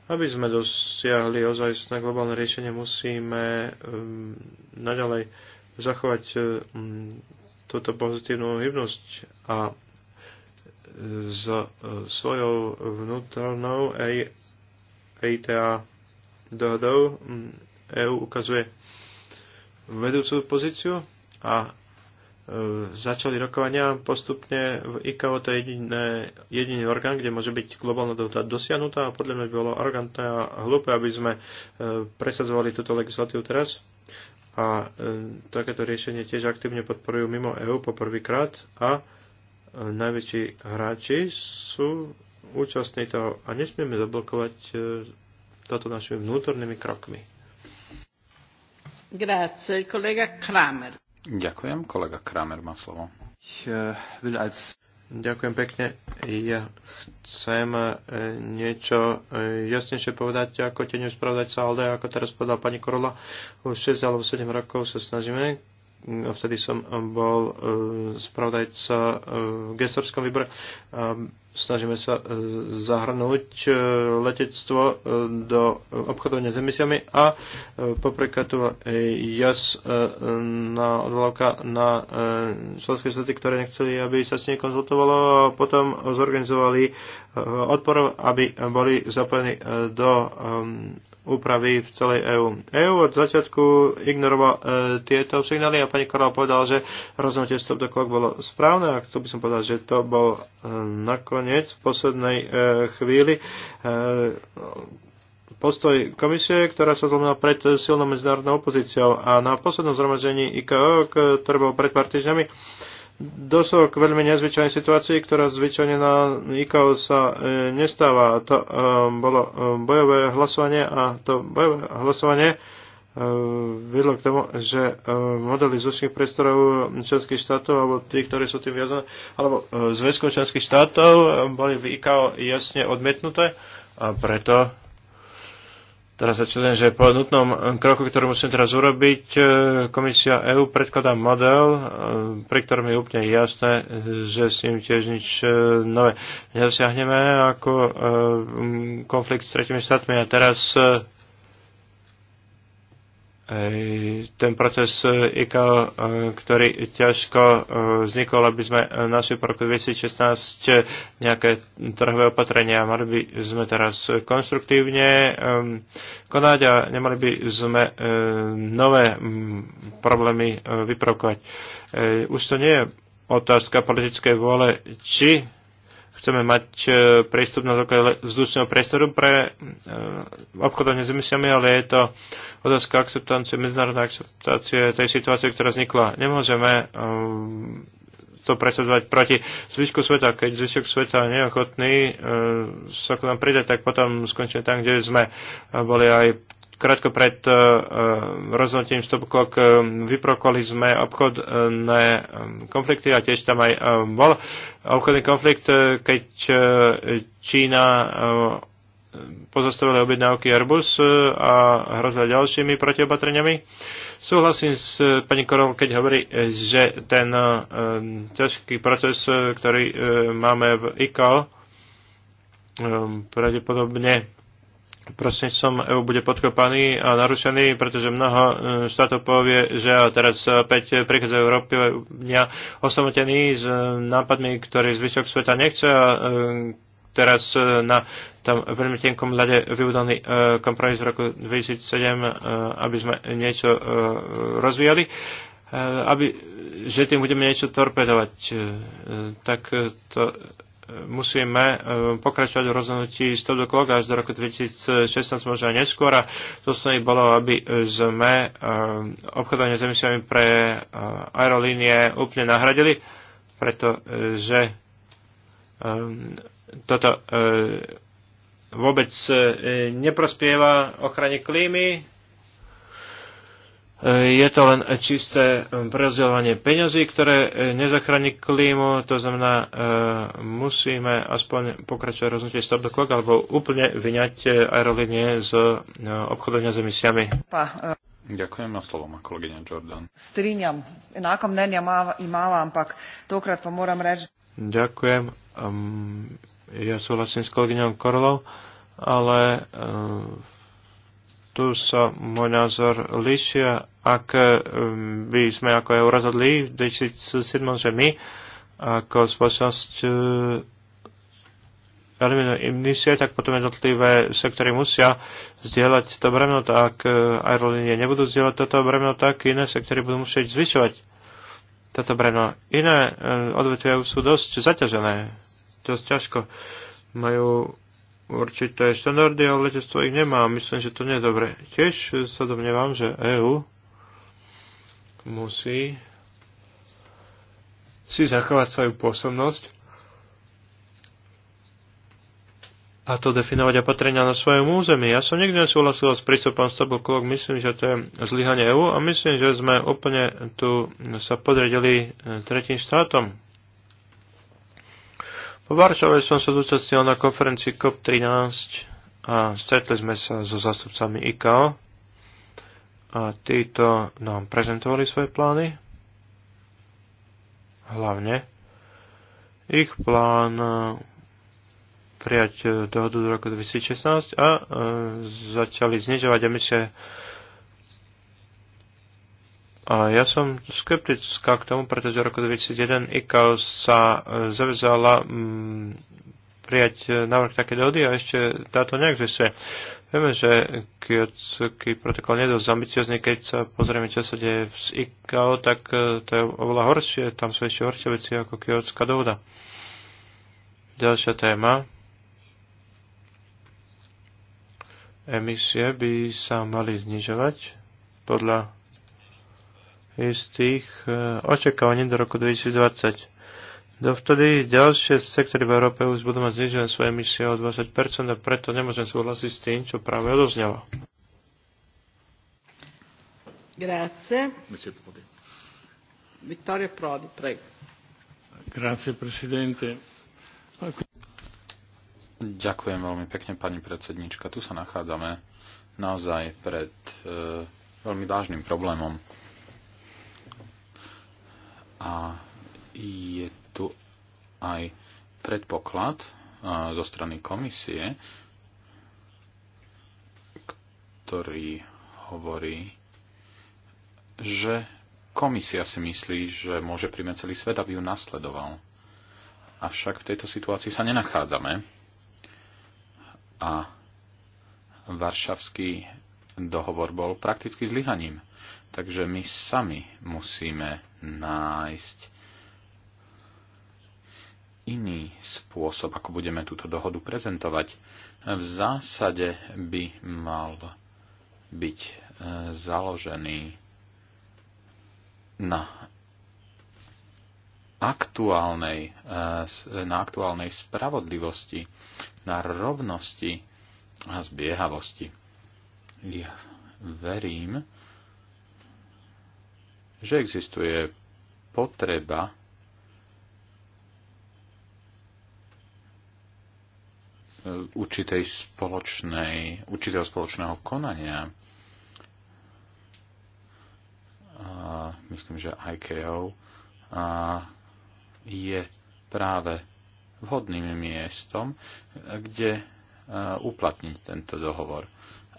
A: aby sme dosiahli ozajstné globálne riešenie, musíme um, naďalej zachovať um, túto pozitívnu hybnosť a s e, svojou vnútornou EITA e dohodou EU ukazuje vedúcu pozíciu a e, začali rokovania postupne v IKO, to je jediné, jediný orgán, kde môže byť globálna dohoda dosiahnutá a podľa mňa by bolo arrogantné a hlúpe, aby sme presadzovali túto legislatívu teraz a e, takéto riešenie tiež aktívne podporujú mimo EÚ poprvýkrát a e, najväčší hráči sú účastní toho a nesmieme zablokovať e, toto našimi vnútornými krokmi.
C: Grazie, kolega Kramer.
B: Ďakujem, kolega Kramer má slovo.
A: Ich uh, will als Ďakujem pekne. Ja chcem e, niečo e, jasnejšie povedať, ako tie spravdať sa Alde, ako teraz povedal pani Korola. Už 6 alebo 7 rokov sa snažíme. Vtedy som bol e, spravodajca v gestorskom výbore snažíme sa e, zahrnúť e, letectvo e, do obchodovania s emisiami a poprekatúva jasná odvolávka na členské štáty, ktoré nechceli, aby sa s nimi konzultovalo a potom zorganizovali odpor, aby boli zapojení do úpravy v celej EÚ. EÚ od začiatku ignoroval tieto signály a pani Karol povedala, že rozhodnutie stop the clock bolo správne a chcel by som povedať, že to bol nakoniec nakoniec v poslednej e, chvíli e, postoj komisie, ktorá sa zlomila pred silnou medzinárodnou opozíciou. A na poslednom zhromaždení IKO, ktoré bolo pred pár týždňami, došlo k veľmi nezvyčajnej situácii, ktorá zvyčajne na IKO sa e, nestáva. To bolo bojové hlasovanie a to bojové hlasovanie Eh, vedlo k tomu, že eh, modely zvučných priestorov členských štátov alebo tí, ktorí sú tým viazané, alebo eh, zväzkom členských štátov boli v IKO jasne odmietnuté a preto Teraz sa člen, že po nutnom kroku, ktorý musím teraz urobiť, komisia EU predkladá model, pri ktorom je úplne jasné, že s ním tiež nič nové nezasiahneme ako konflikt s tretimi štátmi. A teraz ten proces e, IKO, e, ktorý ťažko e, vznikol, aby sme našli po roku 2016 nejaké trhové opatrenia. Mali by sme teraz konstruktívne konať a nemali by sme nové problémy vyprokovať. Už to nie je otázka politickej vôle, či Chceme mať e, prístup na základe vzdušného priestoru pre e, obchodovanie s emisiami, ale je to otázka akceptácie, medzinárodnej akceptácie tej situácie, ktorá vznikla. Nemôžeme e, to presadzovať proti zvyšku sveta. Keď zvyšok sveta je neochotný sa k nám pridať, tak potom skončíme tam, kde sme boli aj krátko pred e, e, rozhodnutím stopklok e, vyprokovali sme obchodné konflikty a tiež tam aj bol obchodný konflikt, keď Čína pozastavili objednávky Airbus a hrozila ďalšími protiopatreniami. Súhlasím s pani Korol, keď hovorí, že ten ťažký proces, ktorý máme v ICAO, pravdepodobne prostredníctvom EU bude podkopaný a narušený, pretože mnoho e, štátov povie, že teraz opäť prichádza Európy dňa osamotení s e, nápadmi, ktorý zvyšok sveta nechce a e, teraz na tam veľmi tenkom ľade vybudaný kompromis v roku 2007, aby sme niečo rozvíjali aby, že tým budeme niečo torpedovať. Tak to musíme e, pokračovať v rozhodnutí stop the clock až do roku 2016, možno aj neskôr. A to sa bolo, aby sme e, obchodovanie s emisiami pre e, aerolínie úplne nahradili, pretože toto vôbec neprospieva ochrane klímy, je to len čisté um, prerozdeľovanie peňazí, ktoré uh, nezachráni klímu, to znamená, uh, musíme aspoň pokračovať rozhodnutie stop the clock, alebo úplne vyňať uh, aerolínie z obchodovania s emisiami.
C: Pa,
B: uh... Ďakujem na slovo, kolegyňa Jordan. Strinjam, enako mnenja imala, ampak tokrat pa moram reči.
A: Ďakujem. Um, ja súhlasím s kolegyňou Korlov, ale um, tu sa môj názor líšia ak by eh, sme ako EU rozhodli v 2007, že my ako spoločnosť eh, eliminujú emisie, tak potom jednotlivé sektory musia zdieľať to bremeno. tak eh, aerolínie nebudú zdieľať toto bremeno, tak iné sektory budú musieť zvyšovať toto bremeno. Iné odvetvia sú dosť zaťažené, dosť ťažko. Majú určité štandardy, ale letectvo ich nemá. Myslím, že to nie je dobre. Tiež sa domnievam, že EU musí si zachovať svoju pôsobnosť a to definovať opatrenia na svojom území. Ja som nikdy nesúhlasil s prístupom Stablecock, myslím, že to je zlyhanie EU a myslím, že sme úplne tu sa podredili e, tretím štátom. Po Varšave som sa zúčastnil na konferencii COP13 a stretli sme sa so zástupcami ICAO a títo nám prezentovali svoje plány. Hlavne ich plán e, prijať e, dohodu do roku 2016 a e, začali znižovať emisie. A ja som skeptická k tomu, pretože v roku 2001 ICAO sa e, zavezala mm, prijať e, návrh také dohody a ešte táto neexistuje. Vieme, že kiotský protokol nie je dosť ambiciozný, keď sa pozrieme, čo sa deje v ICAO, tak e, to je oveľa horšie, tam sú ešte horšie veci ako kiotská dohoda. Ďalšia téma. Emisie by sa mali znižovať podľa istých e, očakávaní do roku 2020. Dovtedy ďalšie sektory v Európe už budú mať znižené svoje emisie o 20% a preto nemôžem súhlasiť s tým, čo práve odoznelo.
C: Grazie. Vittorio Prodi, prego.
B: Grazie, presidente. Ďakujem veľmi pekne, pani predsednička. Tu sa nachádzame naozaj pred e, veľmi vážnym problémom. A je aj predpoklad zo strany komisie, ktorý hovorí, že komisia si myslí, že môže príjmať celý svet, aby ju nasledoval. Avšak v tejto situácii sa nenachádzame a varšavský dohovor bol prakticky zlyhaním. Takže my sami musíme nájsť iný spôsob, ako budeme túto dohodu prezentovať. V zásade by mal byť e, založený na aktuálnej, e, na aktuálnej spravodlivosti, na rovnosti a zbiehavosti. Ja verím, že existuje potreba určitej spoločnej, určitého spoločného konania. A myslím, že IKO a je práve vhodným miestom, kde uplatniť tento dohovor.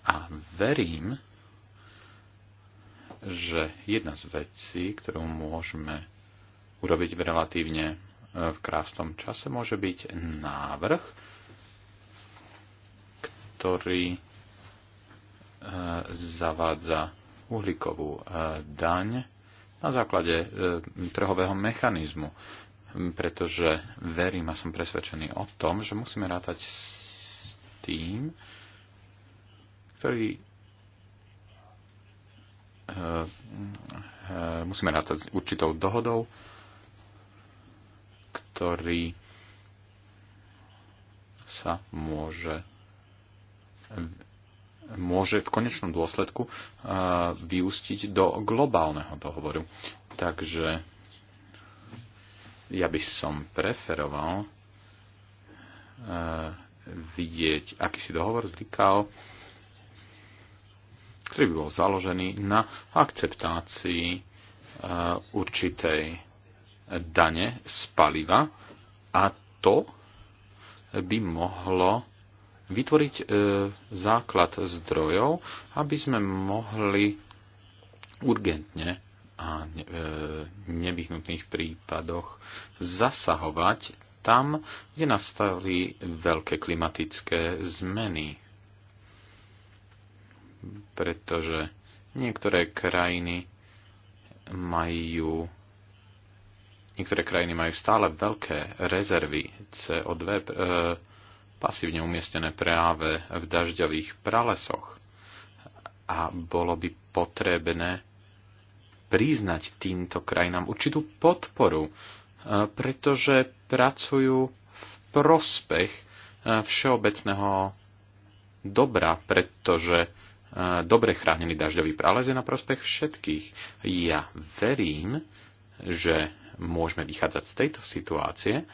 B: A verím, že jedna z vecí, ktorú môžeme urobiť v relatívne e, v krásnom čase, môže byť návrh, ktorý e, zavádza uhlíkovú e, daň na základe e, trhového mechanizmu, pretože verím a som presvedčený o tom, že musíme rátať s tým, ktorý musíme rátať s určitou dohodou, ktorý sa môže môže v konečnom dôsledku vyústiť do globálneho dohovoru. Takže ja by som preferoval vidieť akýsi dohovor z ktorý by bol založený na akceptácii určitej dane z paliva a to by mohlo vytvoriť e, základ zdrojov, aby sme mohli urgentne a ne, e, nevyhnutných prípadoch zasahovať tam, kde nastali veľké klimatické zmeny. Pretože niektoré krajiny majú niektoré krajiny majú stále veľké rezervy CO2 e, pasívne umiestnené práve v dažďových pralesoch. A bolo by potrebné priznať týmto krajinám určitú podporu, e, pretože pracujú v prospech e, všeobecného dobra, pretože e, dobre chránený dažďový prales je na prospech všetkých. Ja verím, že môžeme vychádzať z tejto situácie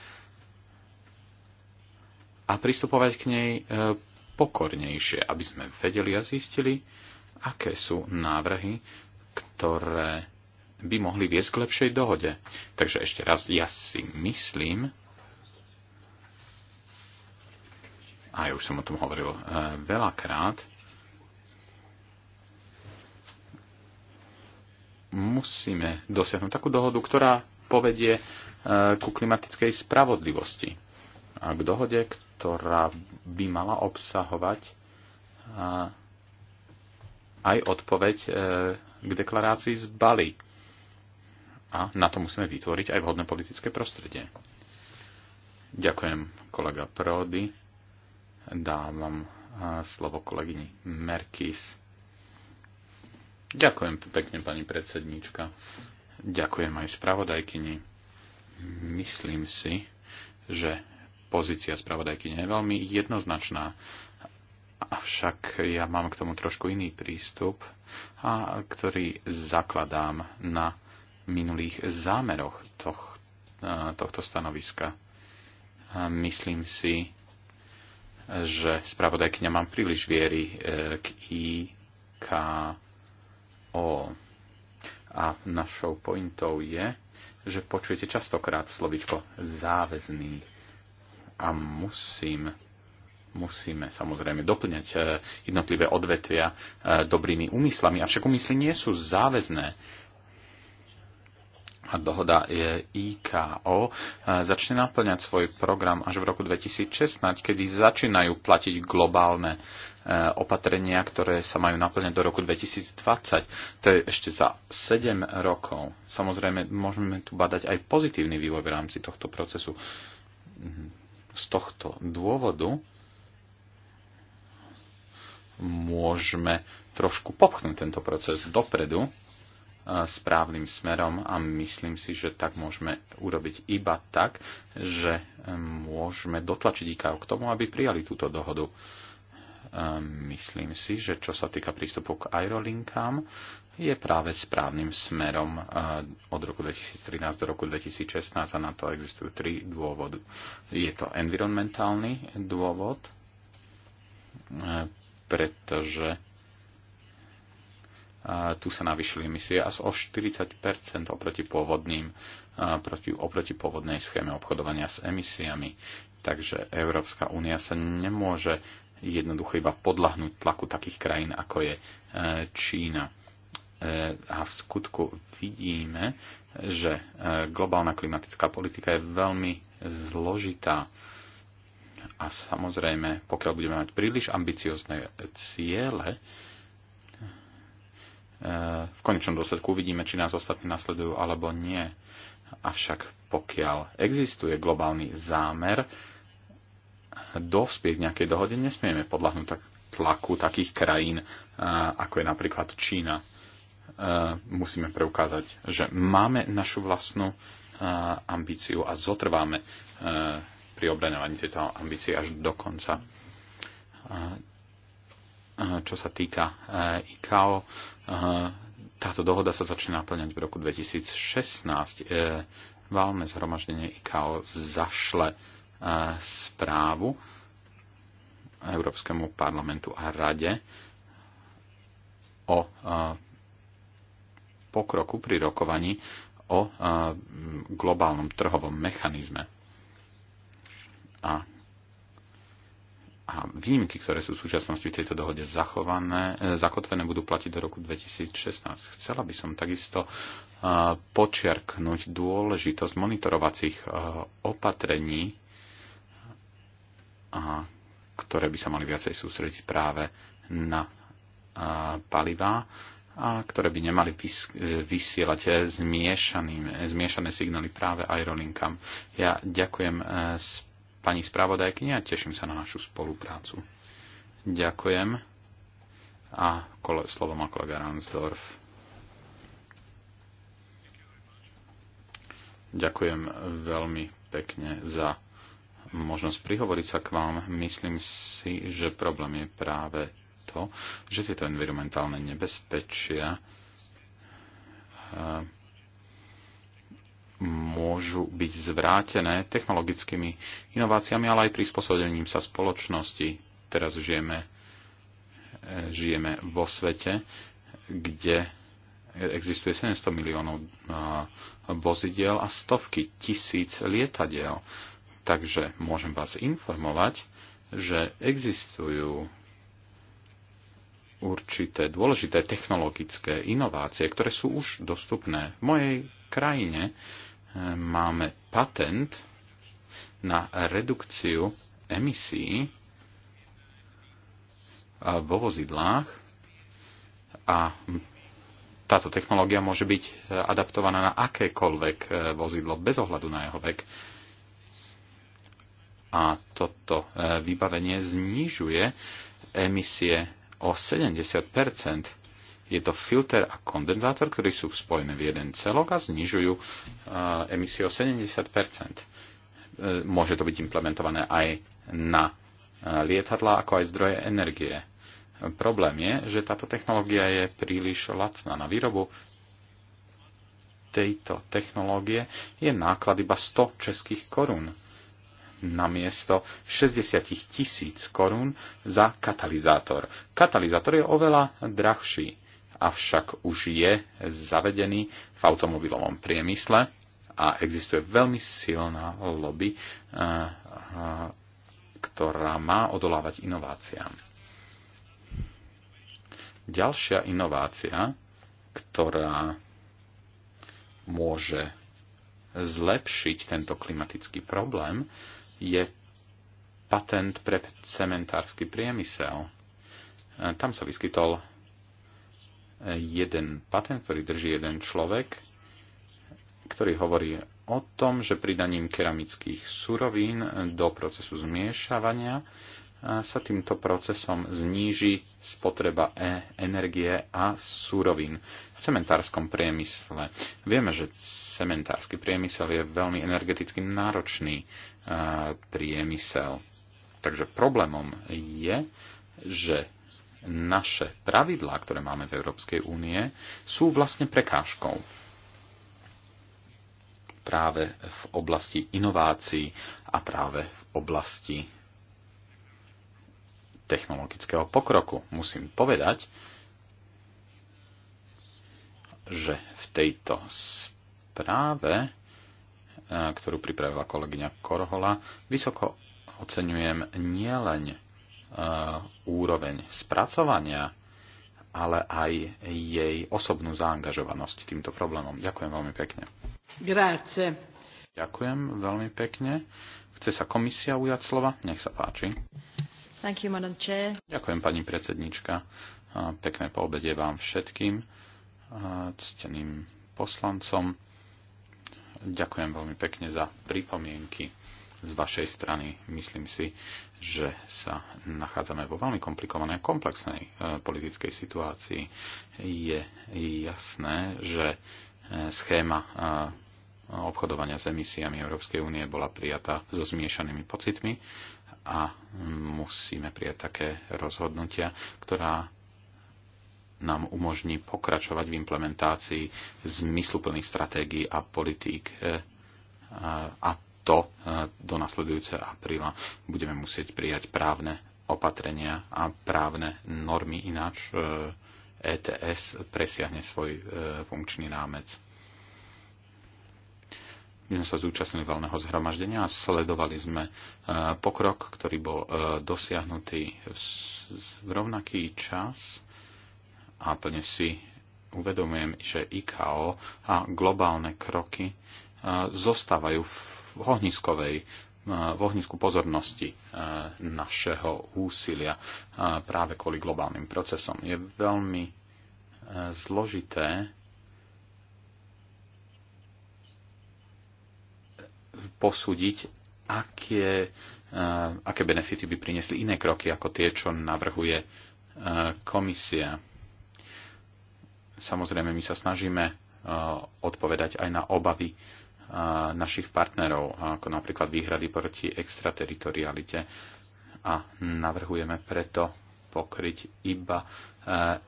B: a pristupovať k nej e, pokornejšie, aby sme vedeli a zistili, aké sú návrhy, ktoré by mohli viesť k lepšej dohode. Takže ešte raz, ja si myslím, a ja už som o tom hovoril e, veľakrát, musíme dosiahnuť takú dohodu, ktorá povedie e, ku klimatickej spravodlivosti a k dohode, ktorá by mala obsahovať aj odpoveď e, k deklarácii z Bali. A na to musíme vytvoriť aj vhodné politické prostredie. Ďakujem, kolega Prody. Dávam e, slovo kolegyni Merkis. Ďakujem pekne, pani predsedníčka. Ďakujem aj spravodajkyni. Myslím si, že pozícia spravodajky nie je veľmi jednoznačná. Avšak ja mám k tomu trošku iný prístup, a ktorý zakladám na minulých zámeroch tohto stanoviska. Myslím si, že spravodajkyňa mám príliš viery e, k IKO. A našou pointou je, že počujete častokrát slovičko záväzný a musím, musíme samozrejme doplňať eh, jednotlivé odvetvia eh, dobrými úmyslami, avšak úmysly nie sú záväzné. A dohoda IKO eh, začne naplňať svoj program až v roku 2016, kedy začínajú platiť globálne opatrenia, ktoré sa majú naplňať do roku 2020. To je ešte za 7 rokov. Samozrejme, môžeme tu badať aj pozitívny vývoj v rámci tohto procesu. Mhm z tohto dôvodu môžeme trošku popchnúť tento proces dopredu správnym smerom a myslím si, že tak môžeme urobiť iba tak, že e, môžeme dotlačiť IKO k tomu, aby prijali túto dohodu. E, myslím si, že čo sa týka prístupu k aerolinkám, je práve správnym smerom eh, od roku 2013 do roku 2016 a na to existujú tri dôvody. Je to environmentálny dôvod, eh, pretože eh, tu sa navyšili emisie až o 40 oproti, pôvodným, proti, oproti pôvodnej schéme obchodovania s emisiami. Takže Európska únia sa nemôže jednoducho iba podľahnúť tlaku takých krajín, ako je Čína Eh, a v skutku vidíme, že eh, globálna klimatická politika je veľmi zložitá. A samozrejme, pokiaľ budeme mať príliš ambiciozne ciele, eh, v konečnom dôsledku uvidíme, či nás ostatní nasledujú alebo nie. Avšak pokiaľ existuje globálny zámer dospieť nejakej dohode, nesmieme podľahnúť tak tlaku takých krajín, ako je napríklad Čína Eh, musíme preukázať, že máme našu vlastnú eh, ambíciu a zotrváme eh, pri obraňovaní tejto ambície až do konca. Čo sa týka ICAO, táto dohoda sa začne naplňať v roku 2016. Válne zhromaždenie ICAO zašle správu Európskemu parlamentu a rade o pokroku pri rokovaní o globálnom trhovom mechanizme. A, a výnimky, ktoré sú v súčasnosti v tejto dohode zachované, e, zakotvené, budú platiť do roku 2016. Chcela by som takisto počiarknúť dôležitosť monitorovacích e, opatrení, ktoré by sa mali viacej sústrediť práve na palivá a ktoré by nemali e, vysielať e, e, zmiešané signály práve aerolinkám. Ja ďakujem pani spravodajkyni a teším sa na našu spoluprácu. Ďakujem a kole, slovo má kolega Ransdorf. Ďakujem veľmi pekne za možnosť prihovoriť sa k vám. Myslím si, že problém je práve to, že tieto environmentálne nebezpečia e, môžu byť zvrátené technologickými inováciami, ale aj prispôsobením sa spoločnosti. Teraz žijeme, e, žijeme vo svete, kde existuje 700 miliónov e, vozidiel a stovky tisíc lietadiel. Takže môžem vás informovať, že existujú určité dôležité technologické inovácie, ktoré sú už dostupné. V mojej krajine eh, máme patent na redukciu emisí eh, vo vozidlách a táto technológia môže byť eh, adaptovaná na akékoľvek vozidlo bez ohľadu na jeho vek. A toto vybavenie znižuje emisie o 70 Je to filter a kondenzátor, ktorí sú spojené v jeden celok a znižujú e, emisie o 70 e, Môže to byť implementované aj na e, lietadla, ako aj zdroje energie. Problém je, že táto technológia je príliš lacná na výrobu tejto technológie je náklad iba 100 českých korún na miesto 60 tisíc korún za katalizátor. Katalizátor je oveľa drahší, avšak už je zavedený v automobilovom priemysle a existuje veľmi silná lobby, eh, eh, ktorá má odolávať inováciám. Ďalšia inovácia, ktorá môže zlepšiť tento klimatický problém, je patent pre cementársky priemysel. Tam sa vyskytol jeden patent, ktorý drží jeden človek, ktorý hovorí o tom, že pridaním keramických surovín do procesu zmiešavania sa týmto procesom zníži spotreba e energie a súrovín v cementárskom priemysle. Vieme, že cementársky priemysel je veľmi energeticky náročný e, priemysel. Takže problémom je, že naše pravidlá, ktoré máme v Európskej únie, sú vlastne prekážkou práve v oblasti inovácií a práve v oblasti technologického pokroku. Musím povedať, že v tejto správe, e, ktorú pripravila kolegyňa Korhola, vysoko oceňujem nielen e, úroveň spracovania, ale aj jej osobnú zaangažovanosť týmto problémom. Ďakujem veľmi pekne. Grazie. Ďakujem veľmi pekne. Chce sa komisia ujať slova? Nech sa páči.
C: Thank you, Madam
A: Chair.
B: Ďakujem, pani predsednička. Pekné poobede vám všetkým, cteným poslancom. Ďakujem veľmi pekne za pripomienky z vašej strany. Myslím si, že sa nachádzame vo veľmi komplikovanej a komplexnej e, politickej situácii. Je jasné, že e, schéma e, obchodovania s emisiami Európskej únie bola prijatá so zmiešanými pocitmi a musíme prijať také rozhodnutia, ktorá nám umožní pokračovať v implementácii zmysluplných stratégií a politík e, e, a to e, do nasledujúceho apríla budeme musieť prijať právne opatrenia a právne normy, ináč ETS presiahne svoj funkčný námec. My sme sa zúčastnili valného zhromaždenia a sledovali sme e, pokrok, ktorý bol e, dosiahnutý v rovnaký čas a plne si uvedomujem, že IKO a globálne kroky e, zostávajú v ohniskovej v ohnisku pozornosti našeho úsilia práve kvôli globálnym procesom. Je veľmi zložité posúdiť, aké, eh, aké benefity by priniesli iné kroky ako tie, čo navrhuje eh, komisia. Samozrejme, my sa snažíme eh, odpovedať aj na obavy našich partnerov, ako napríklad výhrady proti extrateritorialite a navrhujeme preto pokryť iba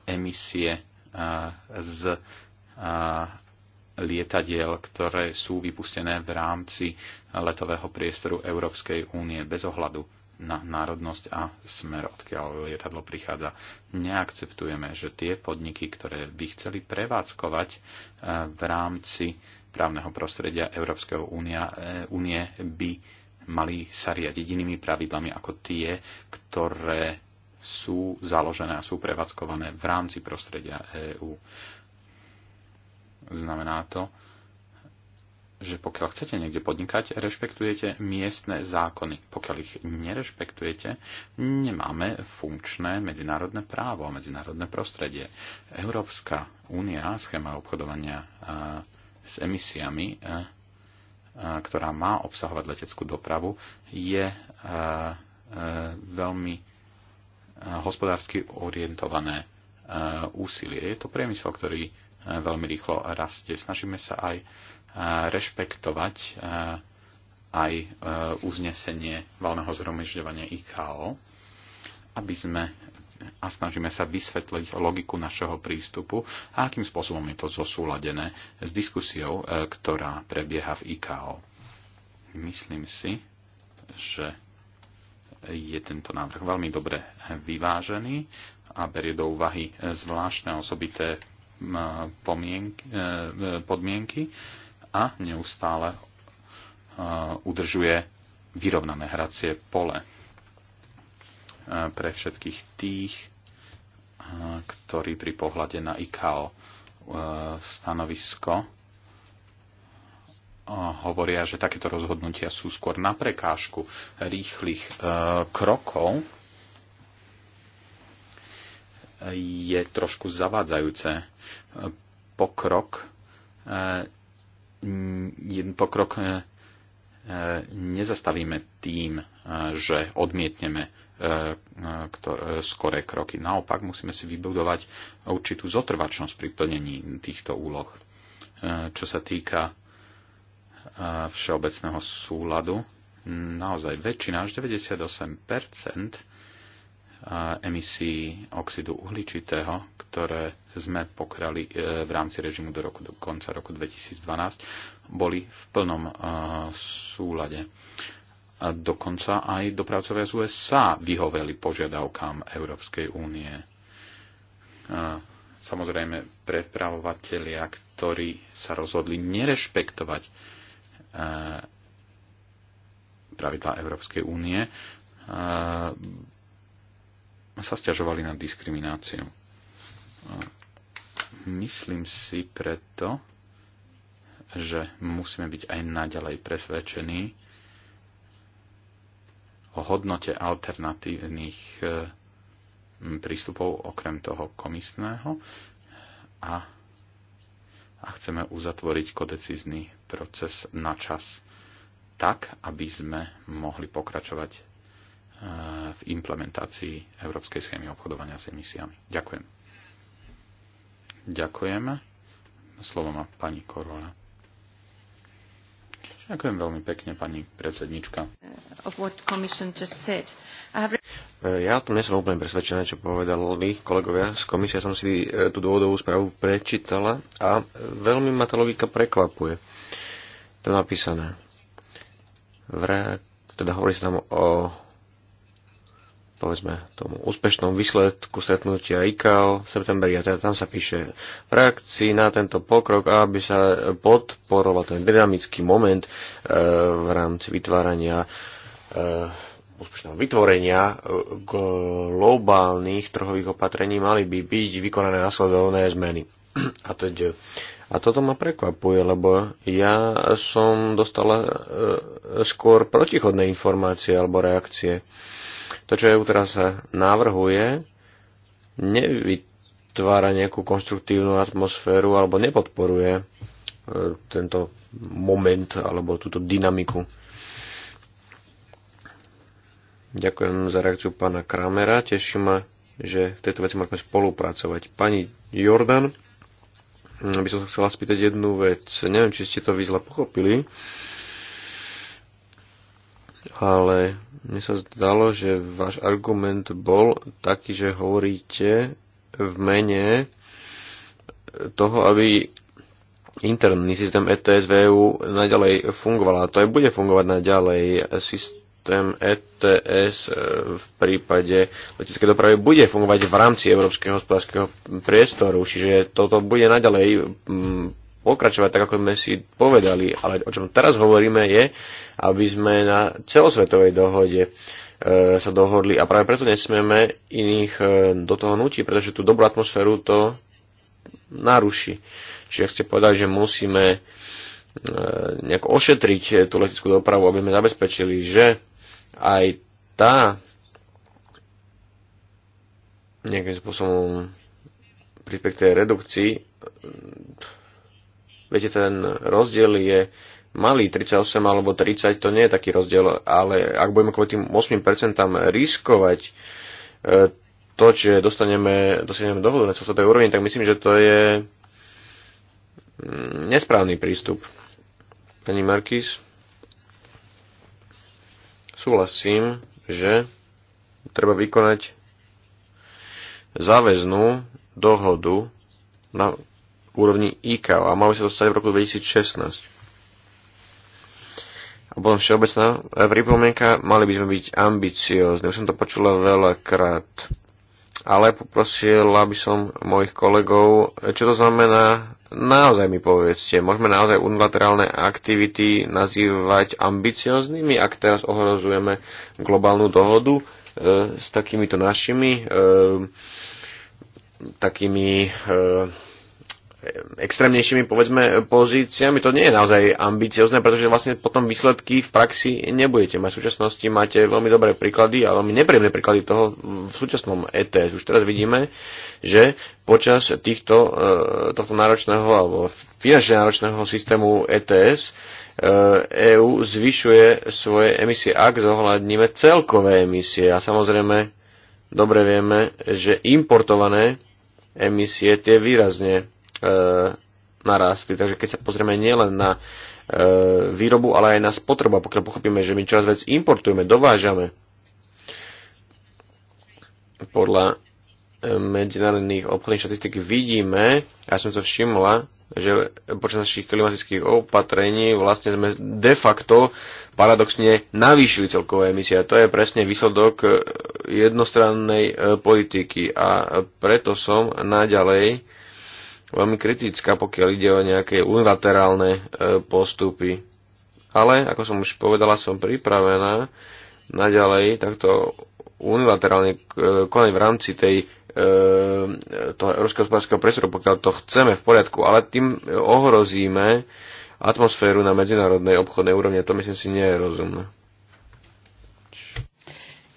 B: emisie z lietadiel, ktoré sú vypustené v rámci letového priestoru Európskej únie bez ohľadu na národnosť a smer, odkiaľ lietadlo prichádza. Neakceptujeme, že tie podniky, ktoré by chceli prevádzkovať e, v rámci právneho prostredia Európskej e, únie, by mali sa riadiť inými pravidlami ako tie, ktoré sú založené a sú prevádzkované v rámci prostredia EÚ. Znamená to, že pokiaľ chcete niekde podnikať, rešpektujete miestne zákony. Pokiaľ ich nerešpektujete, nemáme funkčné medzinárodné právo a medzinárodné prostredie. Európska únia, schéma obchodovania s emisiami, ktorá má obsahovať leteckú dopravu, je veľmi hospodársky orientované úsilie. Je to priemysel, ktorý veľmi rýchlo rastie. Snažíme sa aj e, rešpektovať e, aj e, uznesenie valného zhromažďovania IKO, aby sme a snažíme sa vysvetliť logiku našeho prístupu a akým spôsobom je to zosúladené s diskusiou, ktorá prebieha v IKO. Myslím si, že je tento návrh veľmi dobre vyvážený a berie do úvahy zvláštne osobité E, e, podmienky a neustále e, udržuje vyrovnané hracie pole pre všetkých tých, ktorí pri pohľade na ICAO stanovisko hovoria, že takéto rozhodnutia sú skôr na prekážku rýchlych krokov je trošku zavádzajúce. Pokrok, eh, pokrok eh, eh, nezastavíme tým, že odmietneme skoré kroky. Naopak musíme si vybudovať určitú zotrvačnosť pri plnení týchto úloh. Čo sa týka všeobecného súladu, naozaj väčšina, až 98 emisí oxidu uhličitého, ktoré sme pokrali e, v rámci režimu do, roku, do konca roku 2012, boli v plnom e, súlade. A dokonca aj dopravcovia z USA vyhoveli požiadavkám Európskej únie. E, samozrejme, prepravovatelia, ktorí sa rozhodli nerešpektovať pravidla Európskej únie, sa stiažovali na diskrimináciu. Myslím si preto, že musíme byť aj naďalej presvedčení o hodnote alternatívnych e, prístupov okrem toho komisného a, a chceme uzatvoriť kodecizný proces na čas tak, aby sme mohli pokračovať v implementácii Európskej schémy obchodovania s emisiami. Ďakujem. Ďakujem. Slovo má pani Korola. Ďakujem veľmi pekne, pani predsednička. Ja o tom nesom
D: úplne presvedčená, čo povedali kolegovia z komisie. Som si e, tú dôvodovú správu prečítala a veľmi ma tá logika prekvapuje. To napísané. Vra, teda hovorí sa tam o povedzme tomu úspešnom výsledku stretnutia ICAO v septembri a teda tam sa píše v reakcii na tento pokrok, aby sa podporoval ten dynamický moment e, v rámci vytvárania e, úspešného vytvorenia e, globálnych trhových opatrení mali by byť vykonané následovné zmeny. A, teď, a toto ma prekvapuje, lebo ja som dostala e, skôr protichodné informácie alebo reakcie. To, čo EU teraz navrhuje, nevytvára nejakú konštruktívnu atmosféru alebo nepodporuje e, tento moment alebo túto dynamiku. Ďakujem za reakciu pána Kramera. Teší ma, že v tejto veci môžeme spolupracovať. Pani Jordan, by som sa chcela spýtať jednu vec. Neviem, či ste to vyzla pochopili, ale mne sa zdalo, že váš argument bol taký, že hovoríte v mene toho, aby interný systém ETS v EU naďalej fungoval. A to aj bude fungovať naďalej. Systém ETS v prípade leteckej dopravy bude fungovať v rámci Európskeho hospodárskeho priestoru, čiže toto bude naďalej mm, pokračovať tak, ako sme si povedali, ale o čom teraz hovoríme je, aby sme na celosvetovej dohode e, sa dohodli a práve preto nesmieme iných e, do toho nutiť, pretože tú dobrú atmosféru to naruší. Čiže ak ste povedali, že musíme e, nejako ošetriť tú letickú dopravu, aby sme zabezpečili, že aj tá nejakým spôsobom pri tej redukcii Viete, ten rozdiel je malý, 38 alebo 30, to nie je taký rozdiel, ale ak budeme kvôli tým 8% riskovať e, to, že dostaneme, dostaneme dohodu na celosvetovej úrovni, tak myslím, že to je mm, nesprávny prístup. Pani Markis, súhlasím, že treba vykonať záväznú dohodu na úrovni ICAO a malo by sa to stať v roku 2016. A potom všeobecná pripomienka, mali by sme byť ambiciózni, už som to počula veľakrát. Ale poprosila by som mojich kolegov, čo to znamená, naozaj mi povedzte, môžeme naozaj unilaterálne aktivity nazývať ambicióznymi, ak teraz ohrozujeme globálnu dohodu e, s takýmito našimi, e, takými e, extrémnejšími, povedzme, pozíciami, to nie je naozaj ambiciozne, pretože vlastne potom výsledky v praxi nebudete mať. V súčasnosti máte veľmi dobré príklady a veľmi nepríjemné príklady toho v súčasnom ETS. Už teraz vidíme, že počas týchto, e, tohto náročného alebo finančne náročného systému ETS EÚ e zvyšuje svoje emisie, ak zohľadníme celkové emisie. A samozrejme, dobre vieme, že importované emisie tie výrazne E, narástli. Takže keď sa pozrieme nielen na e, výrobu, ale aj na spotrebu, a pokiaľ pochopíme, že my čoraz vec importujeme, dovážame podľa e, medzinárodných obchodných štatistik vidíme, ja som to všimla, že počas našich klimatických opatrení vlastne sme de facto paradoxne navýšili celkové emisie. A to je presne výsledok jednostrannej politiky. A preto som naďalej veľmi kritická, pokiaľ ide o nejaké unilaterálne e, postupy. Ale, ako som už povedala, som pripravená naďalej takto unilaterálne e, konať v rámci tej e, toho európskeho hospodárskeho priestoru, pokiaľ to chceme v poriadku, ale tým ohrozíme atmosféru na medzinárodnej obchodnej úrovni. To myslím si nie je
B: rozumné.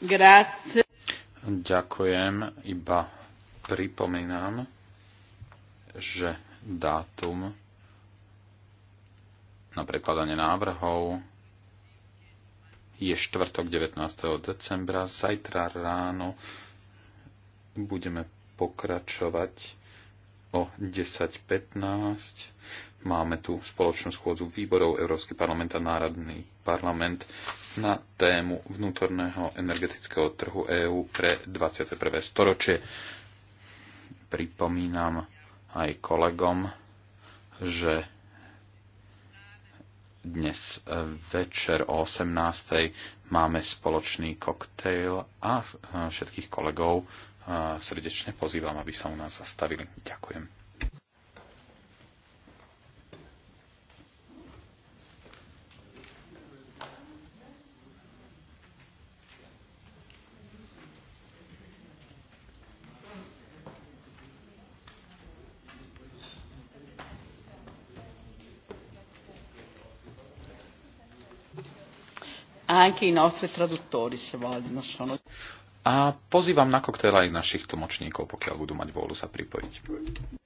C: Grazie.
B: Ďakujem, iba pripomínam, že dátum na prekladanie návrhov je štvrtok 19. decembra. Zajtra ráno budeme pokračovať o 10.15. Máme tu spoločnú schôdzu výborov Európsky parlament a Národný parlament na tému vnútorného energetického trhu EÚ pre 21. storočie. Pripomínam, aj kolegom, že dnes večer o 18. máme spoločný koktejl a všetkých kolegov srdečne pozývam, aby sa u nás zastavili. Ďakujem. anche i
C: nostri traduttori se vogliono. Sono...
B: A pozývam na koktejl aj našich tlmočníkov, pokiaľ budú mať vôľu sa pripojiť.